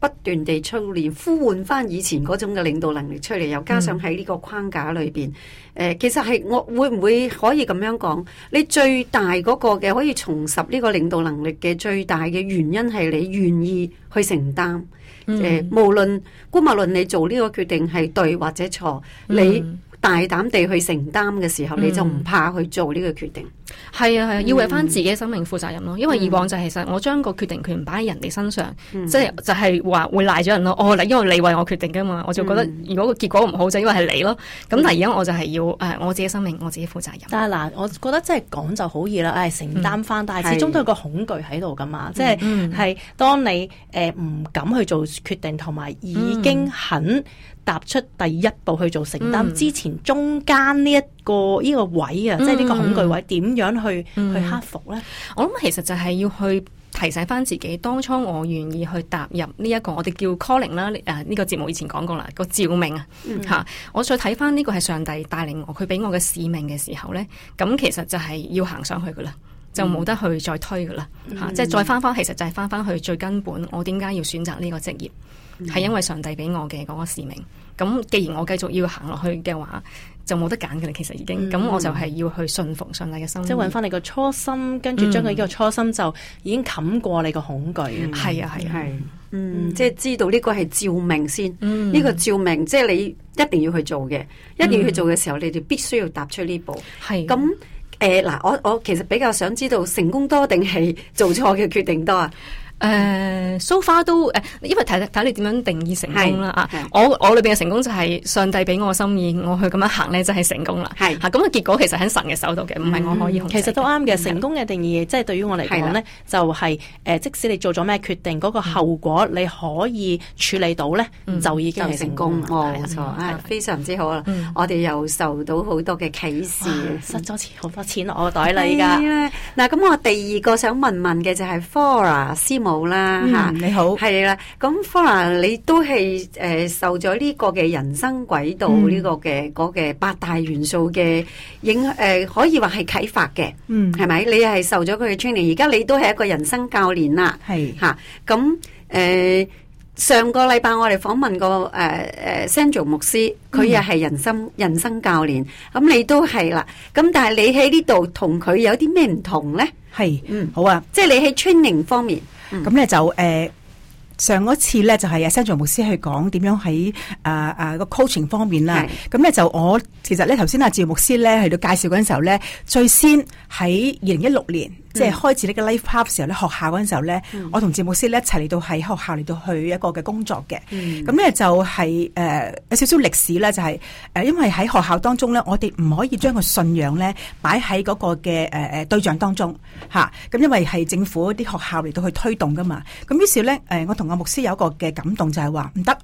不斷地操練，呼喚翻以前嗰種嘅領導能力出嚟，又加上喺呢個框架裏邊，嗯、其實係我會唔會可以咁樣講？你最大嗰個嘅可以重拾呢個領導能力嘅最大嘅原因係你願意去承擔、嗯呃，無論姑勿論你做呢個決定係對或者錯，嗯、你。大膽地去承擔嘅時候，你就唔怕去做呢個決定。係、嗯、啊係、啊，要為翻自己嘅生命負責任咯。因為以往就其實我將個決定權擺喺人哋身上，即係、嗯、就係話會賴咗人咯。哦，因為你為我決定噶嘛，我就覺得如果個結果唔好就因為係你咯。咁、嗯、但係而家我就係要誒我自己的生命，我自己負責任。但係嗱，我覺得即係講就好易啦，誒承擔翻，嗯、但係始終都有個恐懼喺度噶嘛。即係係當你誒唔、呃、敢去做決定，同埋已經肯。踏出第一步去做承擔，嗯、之前中間呢一個呢、呢個位啊，嗯、即係呢個恐懼位，點、嗯、樣去去、嗯、克服呢？我諗其實就係要去提醒翻自己，當初我願意去踏入呢、呢、一個，我哋叫 calling 啦，誒呢個節目以前講過啦，個召命啊吓。我再睇翻呢個係上帝帶領我，佢俾我嘅使命嘅時候呢，咁其實就係要行上去噶啦，就冇得去再推噶啦吓，即係、嗯就係、再翻翻，其實就係翻翻去最根本，我點解要選擇呢個職業？係、嗯、因為上帝俾我嘅嗰個使命，咁既然我繼續要行落去嘅話，就冇得揀嘅啦。其實已經，咁我就係要去順服上帝嘅心，即係揾翻你個初心，跟住將佢呢個初心就已經冚過你個恐懼。係啊，係啊，係，嗯，即係知道呢個係照明先，呢、嗯、個照明，即、就、係、是、你一定要去做嘅，嗯、一定要去做嘅時候，你哋必須要踏出呢步。係咁的，誒，嗱、呃，我我其實比較想知道，成功多定係做錯嘅決定多啊？誒，so far 都誒，因為睇睇你點樣定義成功啦啊！我我裏面嘅成功就係上帝俾我心意，我去咁樣行咧，真係成功啦。係咁嘅結果其實喺神嘅手度嘅，唔係我可以控制。其實都啱嘅，成功嘅定義即係對於我嚟講咧，就係誒，即使你做咗咩決定，嗰個後果你可以處理到咧，就已經係成功啦。冇錯，非常之好啦。我哋又受到好多嘅啟示，失咗錢好多錢落我袋啦。而家嗱，咁我第二個想問問嘅就係 Flora 好啦吓，你好係啦，咁科娜你都係誒受咗呢個嘅人生軌道呢、嗯、個嘅嗰嘅八大元素嘅影響、呃，可以話係啟發嘅，嗯係咪？你係受咗佢嘅 training，而家你都係一個人生教練啦，係吓咁誒。上個禮拜我哋訪問過誒誒 Samson 牧師，佢又係人生、嗯、人生教練，咁你都係啦。咁但係你喺呢度同佢有啲咩唔同咧？係，嗯，好、呃呃、啊，即係你喺 training 方面，咁咧是就誒上嗰次咧就係阿 Samson 牧師去講點樣喺啊啊個 coaching 方面啦。咁咧就我其實咧頭先阿趙牧師咧喺度介紹嗰陣時候咧，最先喺二零一六年。即係開始呢個 LifePath 時候咧，嗯、學校嗰時時候咧，我同趙牧師咧一齊嚟到喺學校嚟到去一個嘅工作嘅。咁咧、嗯嗯、就係、是、誒、呃、有少少歷史呢，就係、是呃、因為喺學校當中咧，我哋唔可以將個信仰咧擺喺嗰個嘅誒誒對象當中咁、啊、因為係政府啲學校嚟到去推動噶嘛。咁於是咧我同阿牧師有一個嘅感動，就係話唔得。誒、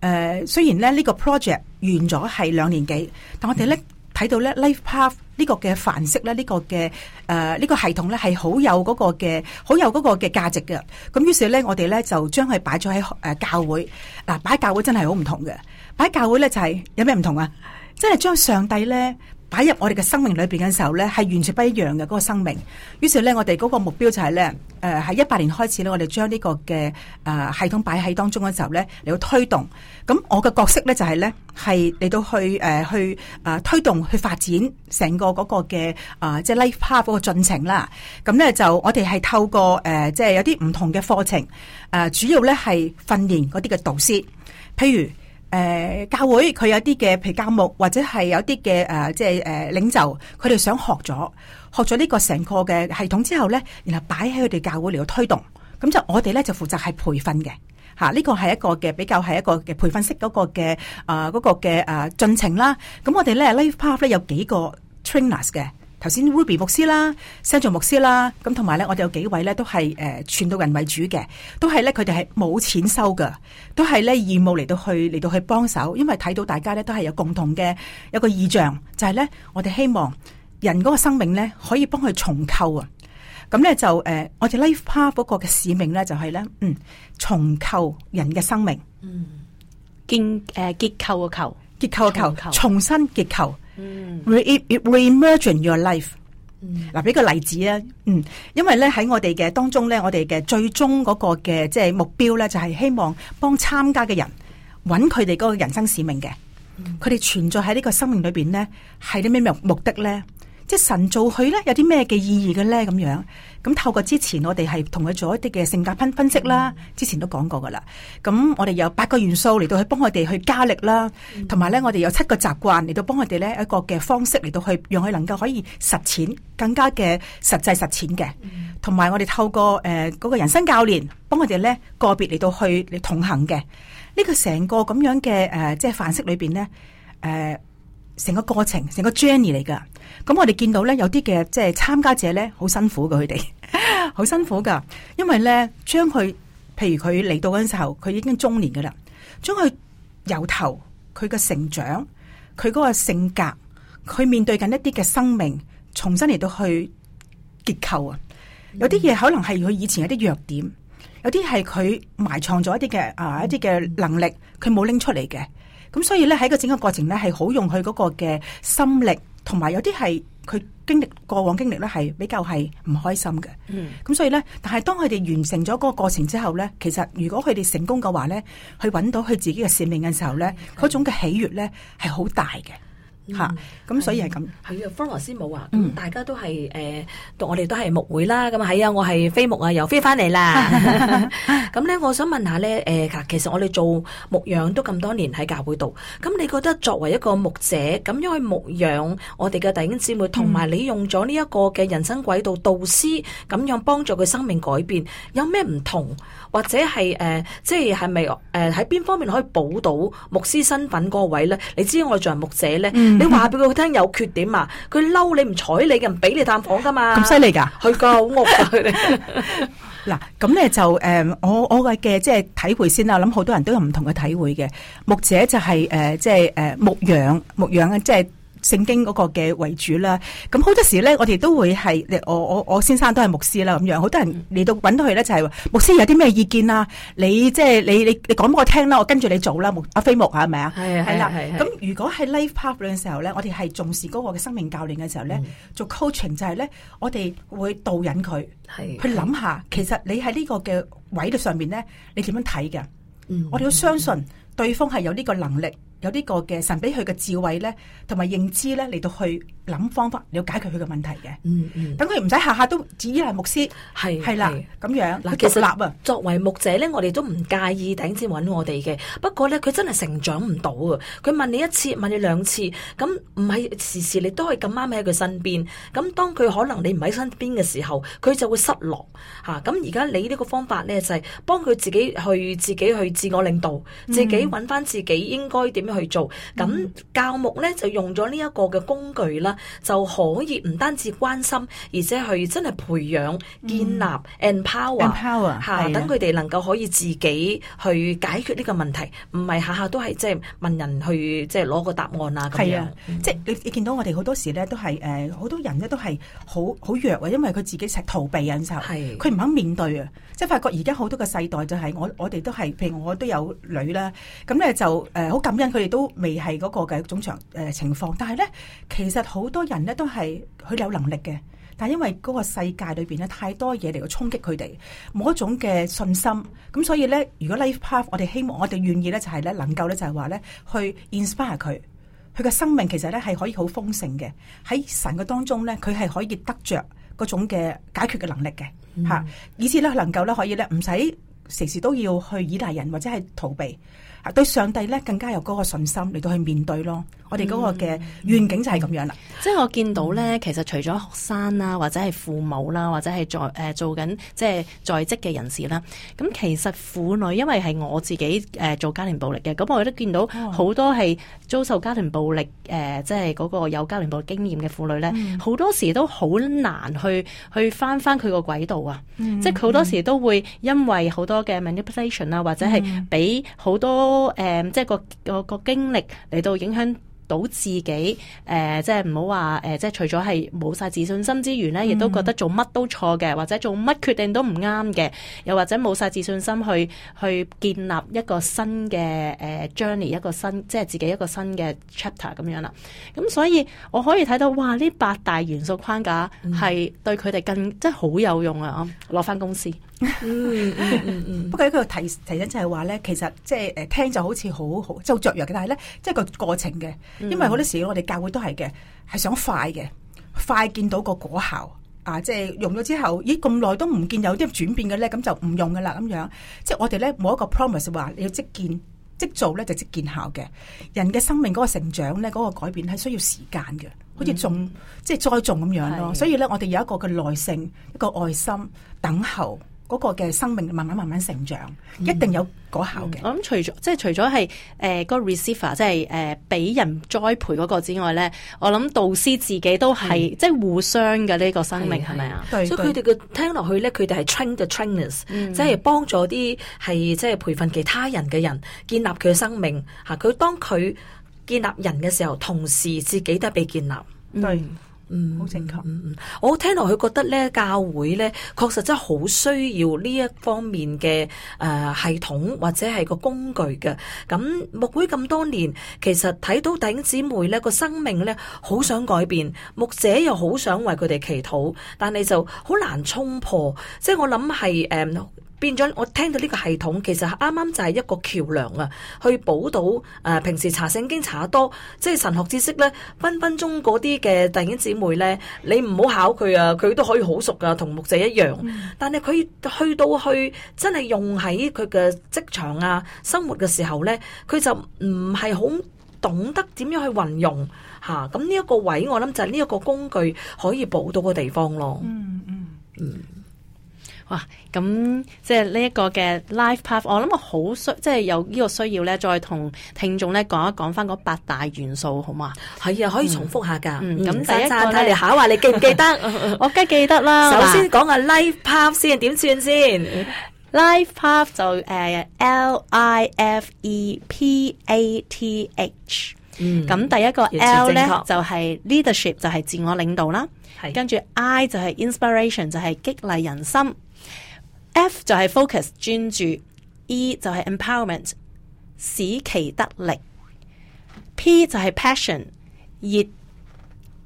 呃、雖然咧呢、這個 project 完咗係兩年幾，但我哋咧。嗯睇到咧，Life Path 呢個嘅範式咧，呢個嘅誒呢個系統咧係好有嗰個嘅好有嗰個嘅價值嘅。咁於是咧，我哋咧就將佢擺咗喺誒教會。嗱，擺教會真係好唔同嘅。擺教會咧就係有咩唔同啊？即係將上帝咧。擺入我哋嘅生命裏邊嘅時候咧，係完全不一樣嘅嗰、那個生命。於是咧，我哋嗰個目標就係咧，誒喺一八年開始咧，我哋將呢個嘅啊、呃、系統擺喺當中嘅時候咧，嚟到推動。咁我嘅角色咧就係、是、咧，係嚟到去誒、呃、去啊、呃、推動去發展成個嗰個嘅啊、呃、即係 life path 嗰個進程啦。咁、嗯、咧就我哋係透過誒、呃、即係有啲唔同嘅課程，誒、呃、主要咧係訓練嗰啲嘅導師，譬如。誒，uh, 教會佢有啲嘅，譬如教牧或者係有啲嘅誒，即係誒、呃、領袖，佢哋想學咗，學咗呢個成個嘅系統之後咧，然後擺喺佢哋教會嚟度推動，咁就我哋咧就負責係培訓嘅，吓、啊、呢、這個係一個嘅比較係一個嘅培訓式嗰個嘅誒嗰個嘅誒、啊、進程啦。咁我哋咧 Life Path 咧有幾個 trainers 嘅。頭先 Ruby 牧師啦、Samson 牧師啦，咁同埋咧，我哋有幾位咧都係誒傳道人為主嘅，都係咧佢哋係冇錢收噶，都係咧義務嚟到去嚟到去幫手，因為睇到大家咧都係有共同嘅有一個意象，就係、是、咧我哋希望人嗰個生命咧可以幫佢重構啊，咁、嗯、咧就誒、呃、我哋 Life Path 嗰個嘅使命咧就係、是、咧嗯重構人嘅生命，嗯結誒、啊、結構個構。結構嘅球，重，求重新結構、嗯、，re-emerging your life、嗯。嗱，俾個例子啊，嗯，因為咧喺我哋嘅當中咧，我哋嘅最終嗰個嘅即係目標咧，就係、是、希望幫參加嘅人揾佢哋嗰個人生使命嘅，佢哋、嗯、存在喺呢個生命裏邊咧，係啲咩目目的咧？即係神造佢咧，有啲咩嘅意義嘅咧？咁樣咁透過之前我哋係同佢做一啲嘅性格分分析啦，嗯、之前都講過噶啦。咁我哋有八個元素嚟到去幫我哋去加力啦，同埋咧我哋有七個習慣嚟到幫我哋咧一個嘅方式嚟到去讓佢能夠可以實踐更加嘅實際實踐嘅。同埋、嗯、我哋透過誒嗰個人生教練幫我哋咧個別嚟到去嚟同行嘅呢、這個成個咁樣嘅誒、呃，即係範式裏邊咧誒，成、呃、個過程成個 journey 嚟噶。咁我哋見到咧，有啲嘅即係參加者咧，好辛苦㗎。佢哋好辛苦噶，因為咧將佢，譬如佢嚟到嗰陣時候，佢已經中年噶啦，將佢由頭佢嘅成長，佢嗰個性格，佢面對緊一啲嘅生命，重新嚟到去結構啊，有啲嘢可能係佢以前一啲弱點，有啲係佢埋藏咗一啲嘅、嗯、啊一啲嘅能力，佢冇拎出嚟嘅，咁所以咧喺個整個過程咧係好用佢嗰個嘅心力。同埋有啲係佢經歷過往經歷咧，係比較係唔開心嘅。咁、嗯、所以咧，但係當佢哋完成咗嗰個過程之後咧，其實如果佢哋成功嘅話咧，去揾到佢自己嘅使命嘅時候咧，嗰種嘅喜悅咧係好大嘅。吓咁，所以係咁係啊。方師母啊，大家都係誒讀我哋都係牧會啦。咁啊，係啊，我係飛牧啊，又飛翻嚟啦。咁咧，我想問下咧誒，其實我哋做牧養都咁多年喺教會度，咁你覺得作為一個牧者，咁樣去牧養我哋嘅弟兄姊妹，同埋你用咗呢一個嘅人生軌道導師，咁樣幫助佢生命改變，有咩唔同？或者係誒、呃，即係係咪誒喺邊方面可以補到牧師身份嗰個位咧？你知道我做人牧者咧，嗯、哼你話俾佢聽有缺點㗎嘛，佢嬲你唔睬你嘅，唔俾你探訪噶嘛。咁犀利噶，去舊屋。嗱，咁咧就誒，我我嘅嘅即係體會先啦，諗好多人都有唔同嘅體會嘅。牧者就係、是、誒，即係誒牧養，牧養、就是，啊，即係。聖經嗰個嘅為主啦，咁好多時咧，我哋都會係，我我我先生都係牧師啦，咁樣，好多人嚟到搵到佢咧，就係話牧師有啲咩意見啦，你即係你你你講俾我聽啦，我跟住你做啦，阿飛牧係咪啊？係係啦，咁如果係 life path 嘅時候咧，我哋係重視嗰個嘅生命教練嘅時候咧，嗯、做 coaching 就係、是、咧，我哋會導引佢的去諗下，的其實你喺呢個嘅位度上面咧，你點樣睇嘅？嗯、我哋要相信對方係有呢個能力。有呢個嘅神俾佢嘅智慧咧，同埋認知咧嚟，到去諗方法，了解佢，佢嘅問題嘅。嗯。嗯嗯。等佢唔使下下都指係牧師，係係啦咁樣。其實佢獨立啊。作為牧者咧，我哋都唔介意頂先揾我哋嘅。不過咧，佢真係成長唔到啊！佢問你一次，問你兩次，咁唔係時時你都係咁啱喺佢身邊。咁當佢可能你唔喺身邊嘅時候，佢就會失落吓。咁而家你呢個方法咧，就係幫佢自己去自己去自我領導，嗯、自己揾翻自己應該點。去做咁教牧咧，就用咗呢一個嘅工具啦，就可以唔單止關心，而且去真係培養、建立、嗯、empower，係等佢哋能夠可以自己去解決呢個問題，唔係下下都係即係問人去即係攞個答案啊咁樣。係啊的，嗯、即係你你見到我哋好多時咧，都係誒，好多人咧都係好好弱啊，因為佢自己成日逃避忍受，係佢唔肯面對啊。即係發覺而家好多嘅世代就係我我哋都係，譬如我都有女啦，咁咧就誒好、呃、感恩佢。佢哋都未係個嘅種長誒情況，但係咧，其實好多人咧都係佢有能力嘅，但係因為嗰個世界裏邊咧太多嘢嚟去衝擊佢哋，冇一種嘅信心，咁所以咧，如果 Life Path，我哋希望，我哋願意咧，就係咧能夠咧，就係話咧去 inspire 佢，佢嘅生命其實咧係可以好豐盛嘅，喺神嘅當中咧，佢係可以得着嗰種嘅解決嘅能力嘅，吓，嗯、以至咧能夠咧可以咧唔使時時都要去依賴人或者係逃避。啊，對上帝咧更加有嗰個信心嚟到去面對咯。我哋嗰個嘅願景就係咁樣啦，嗯嗯嗯。即係我見到咧、嗯啊啊呃啊，其實除咗學生啦，或者係父母啦，或者係在誒做緊即係在職嘅人士啦。咁其實婦女因為係我自己誒、呃、做家庭暴力嘅，咁我都見到好多係遭受家庭暴力誒、呃，即係嗰個有家庭暴力經驗嘅婦女咧，好、嗯、多時都好難去去翻翻佢個軌道啊。嗯、即係佢好多時都會因為好多嘅 manipulation 啊，或者係俾好多。誒、嗯，即係個個個經歷嚟到影響到自己誒、呃，即係唔好話誒，即係除咗係冇晒自信心之餘咧，亦、嗯、都覺得做乜都錯嘅，或者做乜決定都唔啱嘅，又或者冇晒自信心去去建立一個新嘅誒、呃、journey，一個新即係自己一個新嘅 chapter 咁樣啦。咁所以我可以睇到，哇！呢八大元素框架係對佢哋更即係好有用啊！哦、啊，攞翻公司。嗯， 不過佢喺度提提醒就係話咧，其實即係誒聽就好似好好，就雀躍嘅。但係咧，即係個過程嘅，因為好多時我哋教會都係嘅，係想快嘅，快見到個果效啊！即係用咗之後，咦，咁耐都唔見有啲轉變嘅咧，咁就唔用㗎喇咁樣。即係我哋咧冇一個 promise 話你要即見即做咧就即見效嘅。人嘅生命嗰個成長咧，嗰個改變係需要時間嘅，好似種即係栽種咁樣咯。是的 所以咧，我哋有一個嘅耐性，一個愛心，等候。嗰個嘅生命慢慢慢慢成長，一定有果效嘅、嗯嗯。我諗除咗即係除咗係誒個 receiver，即係誒俾人栽培嗰個之外咧，我諗導師自己都係、嗯、即係互相嘅呢個生命係咪啊？所以佢哋嘅聽落去咧，佢哋係 train the trainers，即係、嗯、幫助啲係即係培訓其他人嘅人建立佢嘅生命。嚇佢，當佢建立人嘅時候，同時自己都係被建立。嗯、對。嗯，好正確。嗯嗯，我聽落去覺得咧，教會咧確實真係好需要呢一方面嘅誒系統或者係個工具嘅。咁牧會咁多年，其實睇到弟兄姊妹咧個生命咧好想改變，牧者又好想為佢哋祈禱，但係就好難衝破。即係我諗係誒。變咗，我聽到呢個系統其實係啱啱就係一個橋樑啊，去補到誒平時查聖經查得多即係神學知識呢，分分鐘嗰啲嘅弟兄姊妹呢，你唔好考佢啊，佢都可以好熟噶，同牧者一樣。但係佢去到去真係用喺佢嘅職場啊、生活嘅時候呢，佢就唔係好懂得點樣去運用吓。咁呢一個位，我諗就係呢一個工具可以補到嘅地方咯。嗯嗯嗯。嗯哇！咁即係呢一個嘅 Life Path，我諗我好需即係有呢個需要咧，再同聽眾咧講一講翻嗰八大元素，好嘛？係啊，可以重複下噶。咁第一睇你下話你記唔記得？我梗係記得啦。首先講下 Life Path 先，點算先？Life Path 就誒，l i f e p a t h。嗯。咁第一個 L 咧就係 Leadership，就係自我領導啦。跟住 I 就係 Inspiration，就係激勵人心。F 就係 focus 專注，E 就係 empowerment 使其得力，P 就係 passion 熱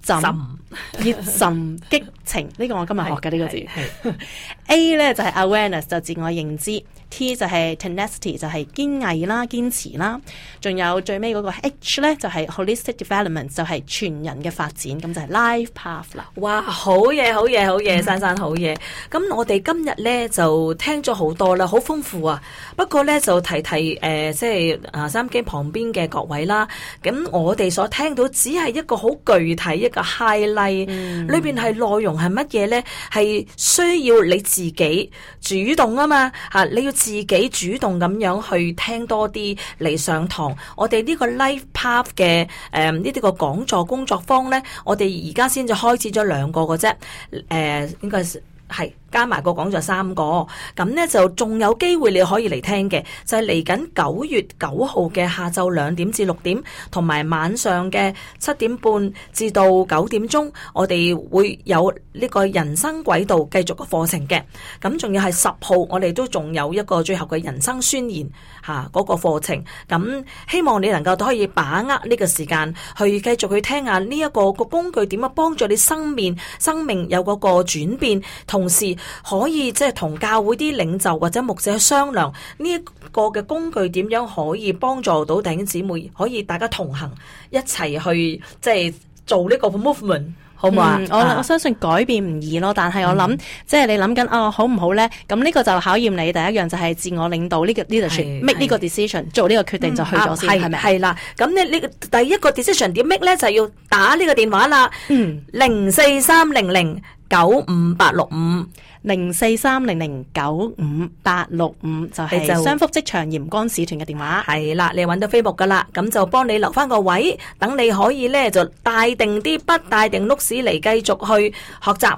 忱，熱忱激情，呢個我今日學嘅呢個字。A 咧就係、是、awareness 就自我認知，T 就係 tenacity 就係堅毅啦、堅持啦，仲有最尾嗰個 H 咧就係、是、holistic development 就係全人嘅發展，咁就係 life path 啦。哇，好嘢，好嘢，好嘢，珊珊、嗯、好嘢。咁我哋今日咧就聽咗好多啦，好豐富啊。不過咧就提提誒即係啊，收、呃、音機、就是、旁邊嘅各位啦。咁我哋所聽到只係一個好具體一個 highlight，、嗯、裏邊係內容係乜嘢咧？係需要你。自己主動啊嘛，吓，你要自己主動咁樣去聽多啲嚟上堂。我哋呢個 LifePath 嘅呢啲、呃個講座工作坊呢，我哋而家先至開始咗兩個嘅啫，誒、呃、應該係。係加埋個講座三個，咁呢就仲有機會你可以嚟聽嘅，就係嚟緊九月九號嘅下晝兩點至六點，同埋晚上嘅七點半至到九點鐘，我哋會有呢個人生軌道繼續嘅課程嘅。咁仲要係十號，我哋都仲有一個最後嘅人生宣言吓嗰、啊嗰個課程。咁希望你能夠都可以把握呢個時間去繼續去聽下呢一個、嗰個工具點樣幫助你生面生命有嗰個轉變，同時。可以即係同教會啲領袖或者牧者去商量呢個嘅工具點樣可以幫助到弟兄姊妹，可以大家同行一齊去即係做呢個 movement，好唔好啊、嗯？我我相信改變唔易咯，但係我諗、嗯、即係你諗緊啊好唔好咧？咁呢個就考驗你第一樣就係自我領導呢個呢條線 make 呢 this 個 decision 是做呢個決定就去咗、嗯嗯、先係咪？係啦是，咁你呢第一個 decision 點 make 咧就要打呢個電話啦，嗯，零四三零零。九五八六五零四三零零九五八六五就係商福職場鹽光使團嘅電話，係啦，你揾到飛牧噶啦，咁就幫你留翻個位，等你可以咧就帶定啲筆，帶定碌屎嚟繼續去學習。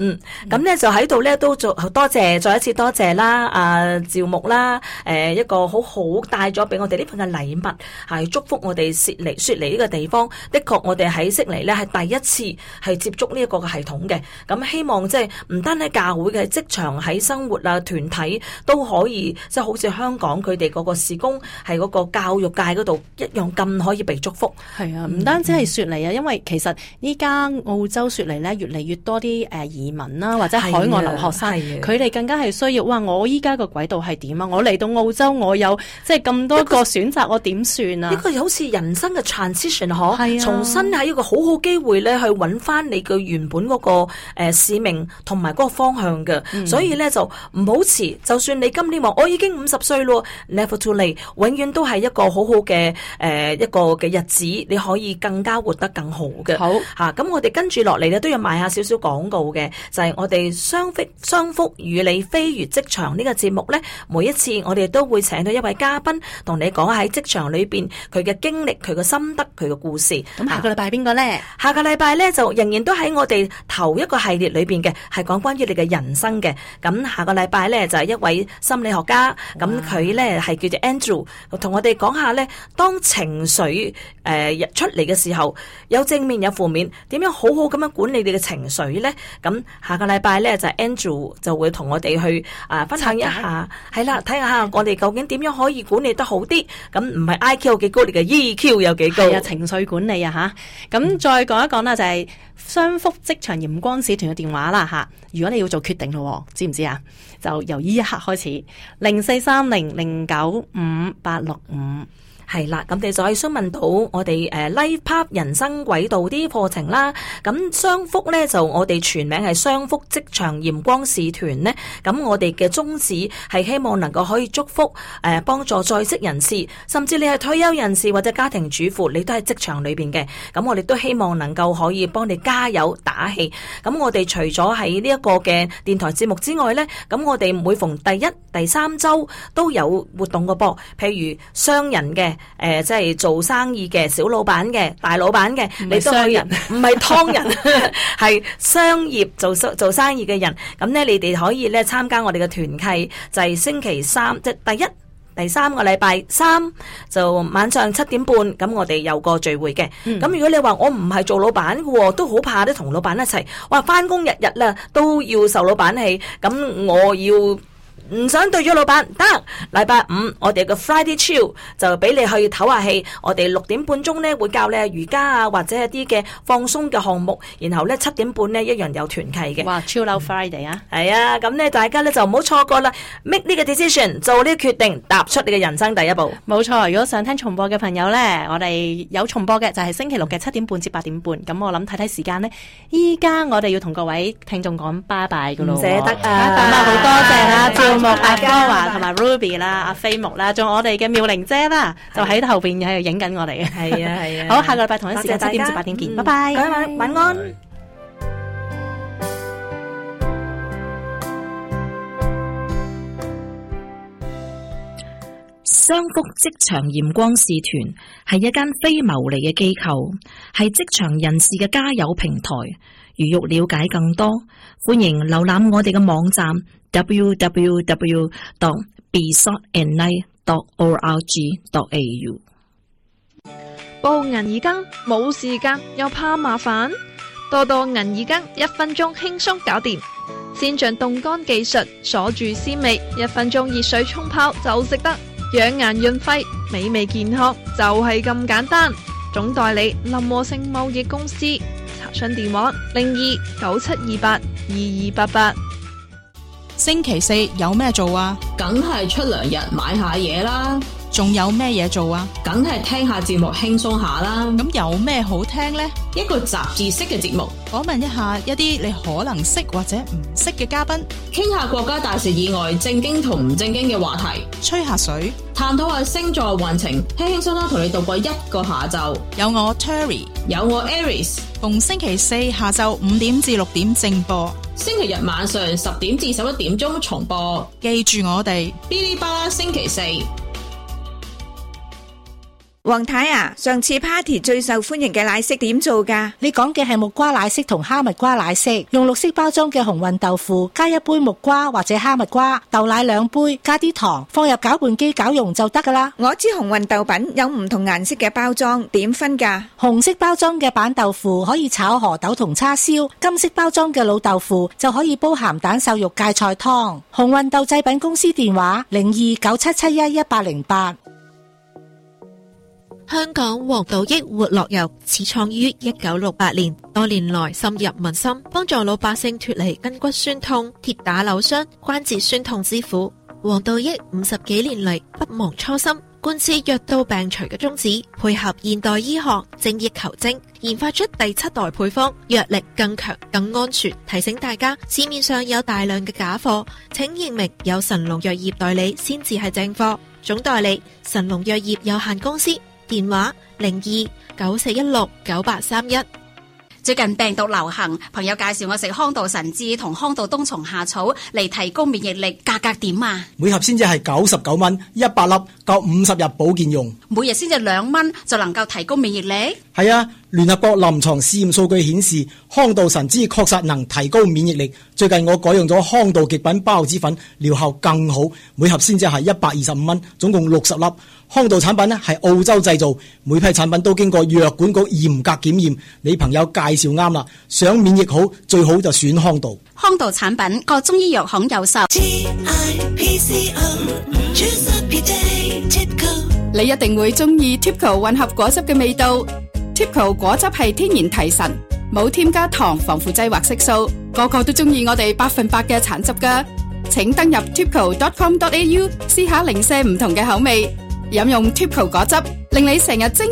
嗯，咁呢就喺度呢，都做多謝，再一次多謝啦，啊，趙牧啦，誒、啊，一個好好帶咗俾我哋呢份嘅禮物，係祝福我哋雪梨雪梨呢個地方。的確，我哋喺悉尼呢，係第一次係接觸呢一個嘅系統嘅。咁希望即係唔單喺教會嘅職場，喺生活啊、團、嗯、體都可以，即係好似香港佢哋嗰個事工，係嗰個教育界嗰度一樣咁可以被祝福。係啊，唔、嗯、單止係雪梨啊，嗯、因為其實依家澳洲雪梨呢，越嚟越多啲誒。呃移民啦，或者海外留學生，佢哋更加係需要。哇！我依家個軌道係點啊？我嚟到澳洲，我有即係咁多個選擇，個我點算啊？一個好似人生嘅 transition 可的，重新喺一個好好機會咧，去揾翻你嘅原本嗰、嗰個誒、呃、使命同埋嗰個方向嘅。嗯、所以咧就唔好遲，就算你今年我我已經五十歲咯 never too 呢，嗯、late, 永遠都係一個好好嘅誒一個嘅日子，你可以更加活得更好嘅。好吓，咁、啊、我哋跟住落嚟咧都要賣下少少廣告嘅。就係我哋雙飛雙福與你飛越職場呢個節目呢，每一次我哋都會請到一位嘉賓，同你講喺職場裏邊佢嘅經歷、佢嘅心得、佢嘅故事。咁下個禮拜邊個呢？下個禮拜呢，就仍然都喺我哋頭一個系列裏邊嘅，係講關於你嘅人生嘅。咁下個禮拜呢，就係、是、一位心理學家，咁佢哇呢，係叫做 Andrew，同我哋講下呢，當情緒誒、呃、出嚟嘅時候，有正面有負面，點樣好好咁樣管理你嘅情緒呢？咁下個禮拜咧，就是、Angel 就會同我哋去啊分享一下，係啦與睇下我哋究竟點樣可以管理得好啲，咁唔係 IQ 幾高，你嘅 EQ 有幾高？情緒管理啊吓，咁、嗯、再講一講啦，就係、是、商福職場鹽光使團嘅電話啦吓，如果你要做決定咯，知唔知啊？就由呢一刻開始，零四三零零九五八六五。係啦，咁你再想問到我哋誒 LifePath 人生軌道啲課程啦，咁商福呢，就我哋全名係商福職場鹽光使團呢，咁我哋嘅宗旨係希望能夠可以祝福誒幫助在職人士，甚至你係退休人士或者家庭主婦，你都喺職場裏邊嘅，咁我哋都希望能夠可以幫你加油打氣。咁我哋除咗喺呢一個嘅電台節目之外呢，咁我哋每逢第一、第三周都有活動嘅噃，譬如商人嘅。誒、呃，即係做生意嘅小老闆嘅，大老闆嘅，是商你都可以人，唔係劏人，係 商業做生做生意嘅人。咁呢，你哋可以咧參加我哋嘅團契，就係、是、星期三，即係第一、第三個禮拜三，就晚上七點半。咁我哋有個聚會嘅。咁、嗯、如果你話我唔係做老闆嘅，都好怕得同老闆一齊。哇，翻工日日啦，都要受老闆氣。咁我要，唔想對咗老闆得，禮拜五我哋有個 Friday chill 就俾你去唞下氣。我哋六點半鐘呢會教你瑜伽啊，或者一啲嘅放鬆嘅項目。然後呢，七點半呢一樣有團契嘅。哇、嗯、Chill out Friday 啊！係啊，咁呢大家呢就唔好錯過啦。Make 呢個 decision 做呢個決定，踏出你嘅人生第一步。冇錯，如果想聽重播嘅朋友呢，我哋有重播嘅就係星期六嘅七點半至八點半。咁我諗睇睇時間呢。依家我哋要同各位聽眾講拜拜嘅咯。唔捨得啊！好多謝莫柏嘉同埋 Ruby 啦，阿飛牧啦，仲、啊、有我哋嘅妙玲姐啦，是的 就喺後邊喺度影緊我哋嘅。係啊係啊，好，下個禮拜同一時間七點至八點見。嗯、拜拜，晚安。商拜福職場鹽光使團係一間非牟利嘅機構，係職場人士嘅加油平台。如欲了解更多，歡迎瀏覽我哋嘅網站 www.dot.bsoftandlight.dot.org.dot.au。報銀耳羹，冇時間又怕麻煩，多多銀耳羹，一分鐘輕鬆搞掂。先進凍乾技術鎖住鮮味，一分鐘熱水沖泡就食得，養顏潤肺，美味健康就係咁簡單。總代理林和勝貿易公司。微信電話零二九七二八二二八八，星期四有咩做啊？梗係出糧日買下嘢啦。仲有咩嘢做啊？梗係聽下節目，輕鬆下啦。咁有咩好聽呢？一個雜誌式嘅節目。訪問一下一啲你可能識或者唔識嘅嘉賓，傾下國家大事以外正經同唔正經嘅話題，吹下水，探討下星座運程，輕輕鬆鬆同你度過一個下晝。有我 Terry，有我 Aries，er、逢星期四下晝五點至六點正播，星期日晚上十點至十一點鐘重播。記住我哋，嗶哩吧啦，星期四。王太啊，上次 party 最受歡迎嘅奶昔點做噶你講嘅係木瓜奶昔同哈密瓜奶昔，用綠色包裝嘅紅運豆腐，加一杯木瓜或者哈密瓜，豆奶兩杯，加啲糖，放入攪拌機攪拌溶就得噶啦。我知紅運豆品有唔同顏色嘅包裝，點分噶紅色包裝嘅板豆腐可以炒河豆同叉燒，金色包裝嘅老豆腐就可以煲鹹蛋瘦肉芥菜湯。紅運豆製品公司電話：零二九七七一一八零八。香港黃道益活絡油始創於一九六八年，多年來深入民心，幫助老百姓脱離筋骨酸痛、跌打扭傷、關節酸痛之苦。黃道益五十幾年嚟，不忘初心，貫徹藥到病除嘅宗旨，配合現代醫學，精益求精，研發出第七代配方，藥力更強、更安全。提醒大家，市面上有大量嘅假貨，請認明有神龍藥業代理先至係正貨。總代理：神龍藥業有限公司。電話零二九四一六九八三一。最近病毒流行，朋友介紹我食康道神芝同康道冬蟲夏草嚟，提高免疫力，價格點啊？每盒先至係九十九蚊，一百粒夠五十日保健用，每日先至兩蚊就能夠提高免疫力。係啊，聯合國臨床試驗數據顯示康道神芝確實能提高免疫力。最近我改用咗康道極品孢子粉，療效更好，每盒先至係一百二十五蚊，總共六十粒。康道產品呢係澳洲製造，每批產品都經過藥管局嚴格檢驗。你朋友介紹啱啦，想免疫好最好就選康道。康道產品個中醫藥行有售。你一定會中意 Tipco 混合果汁嘅味道。Tipco 果汁係天然提神，冇添加糖、防腐劑或色素。個個都中意我哋百分百嘅橙汁噶，請登入 Tipco.com.au 試下零舍唔同嘅口味。飲用 t i p i c 果汁，令你成日精。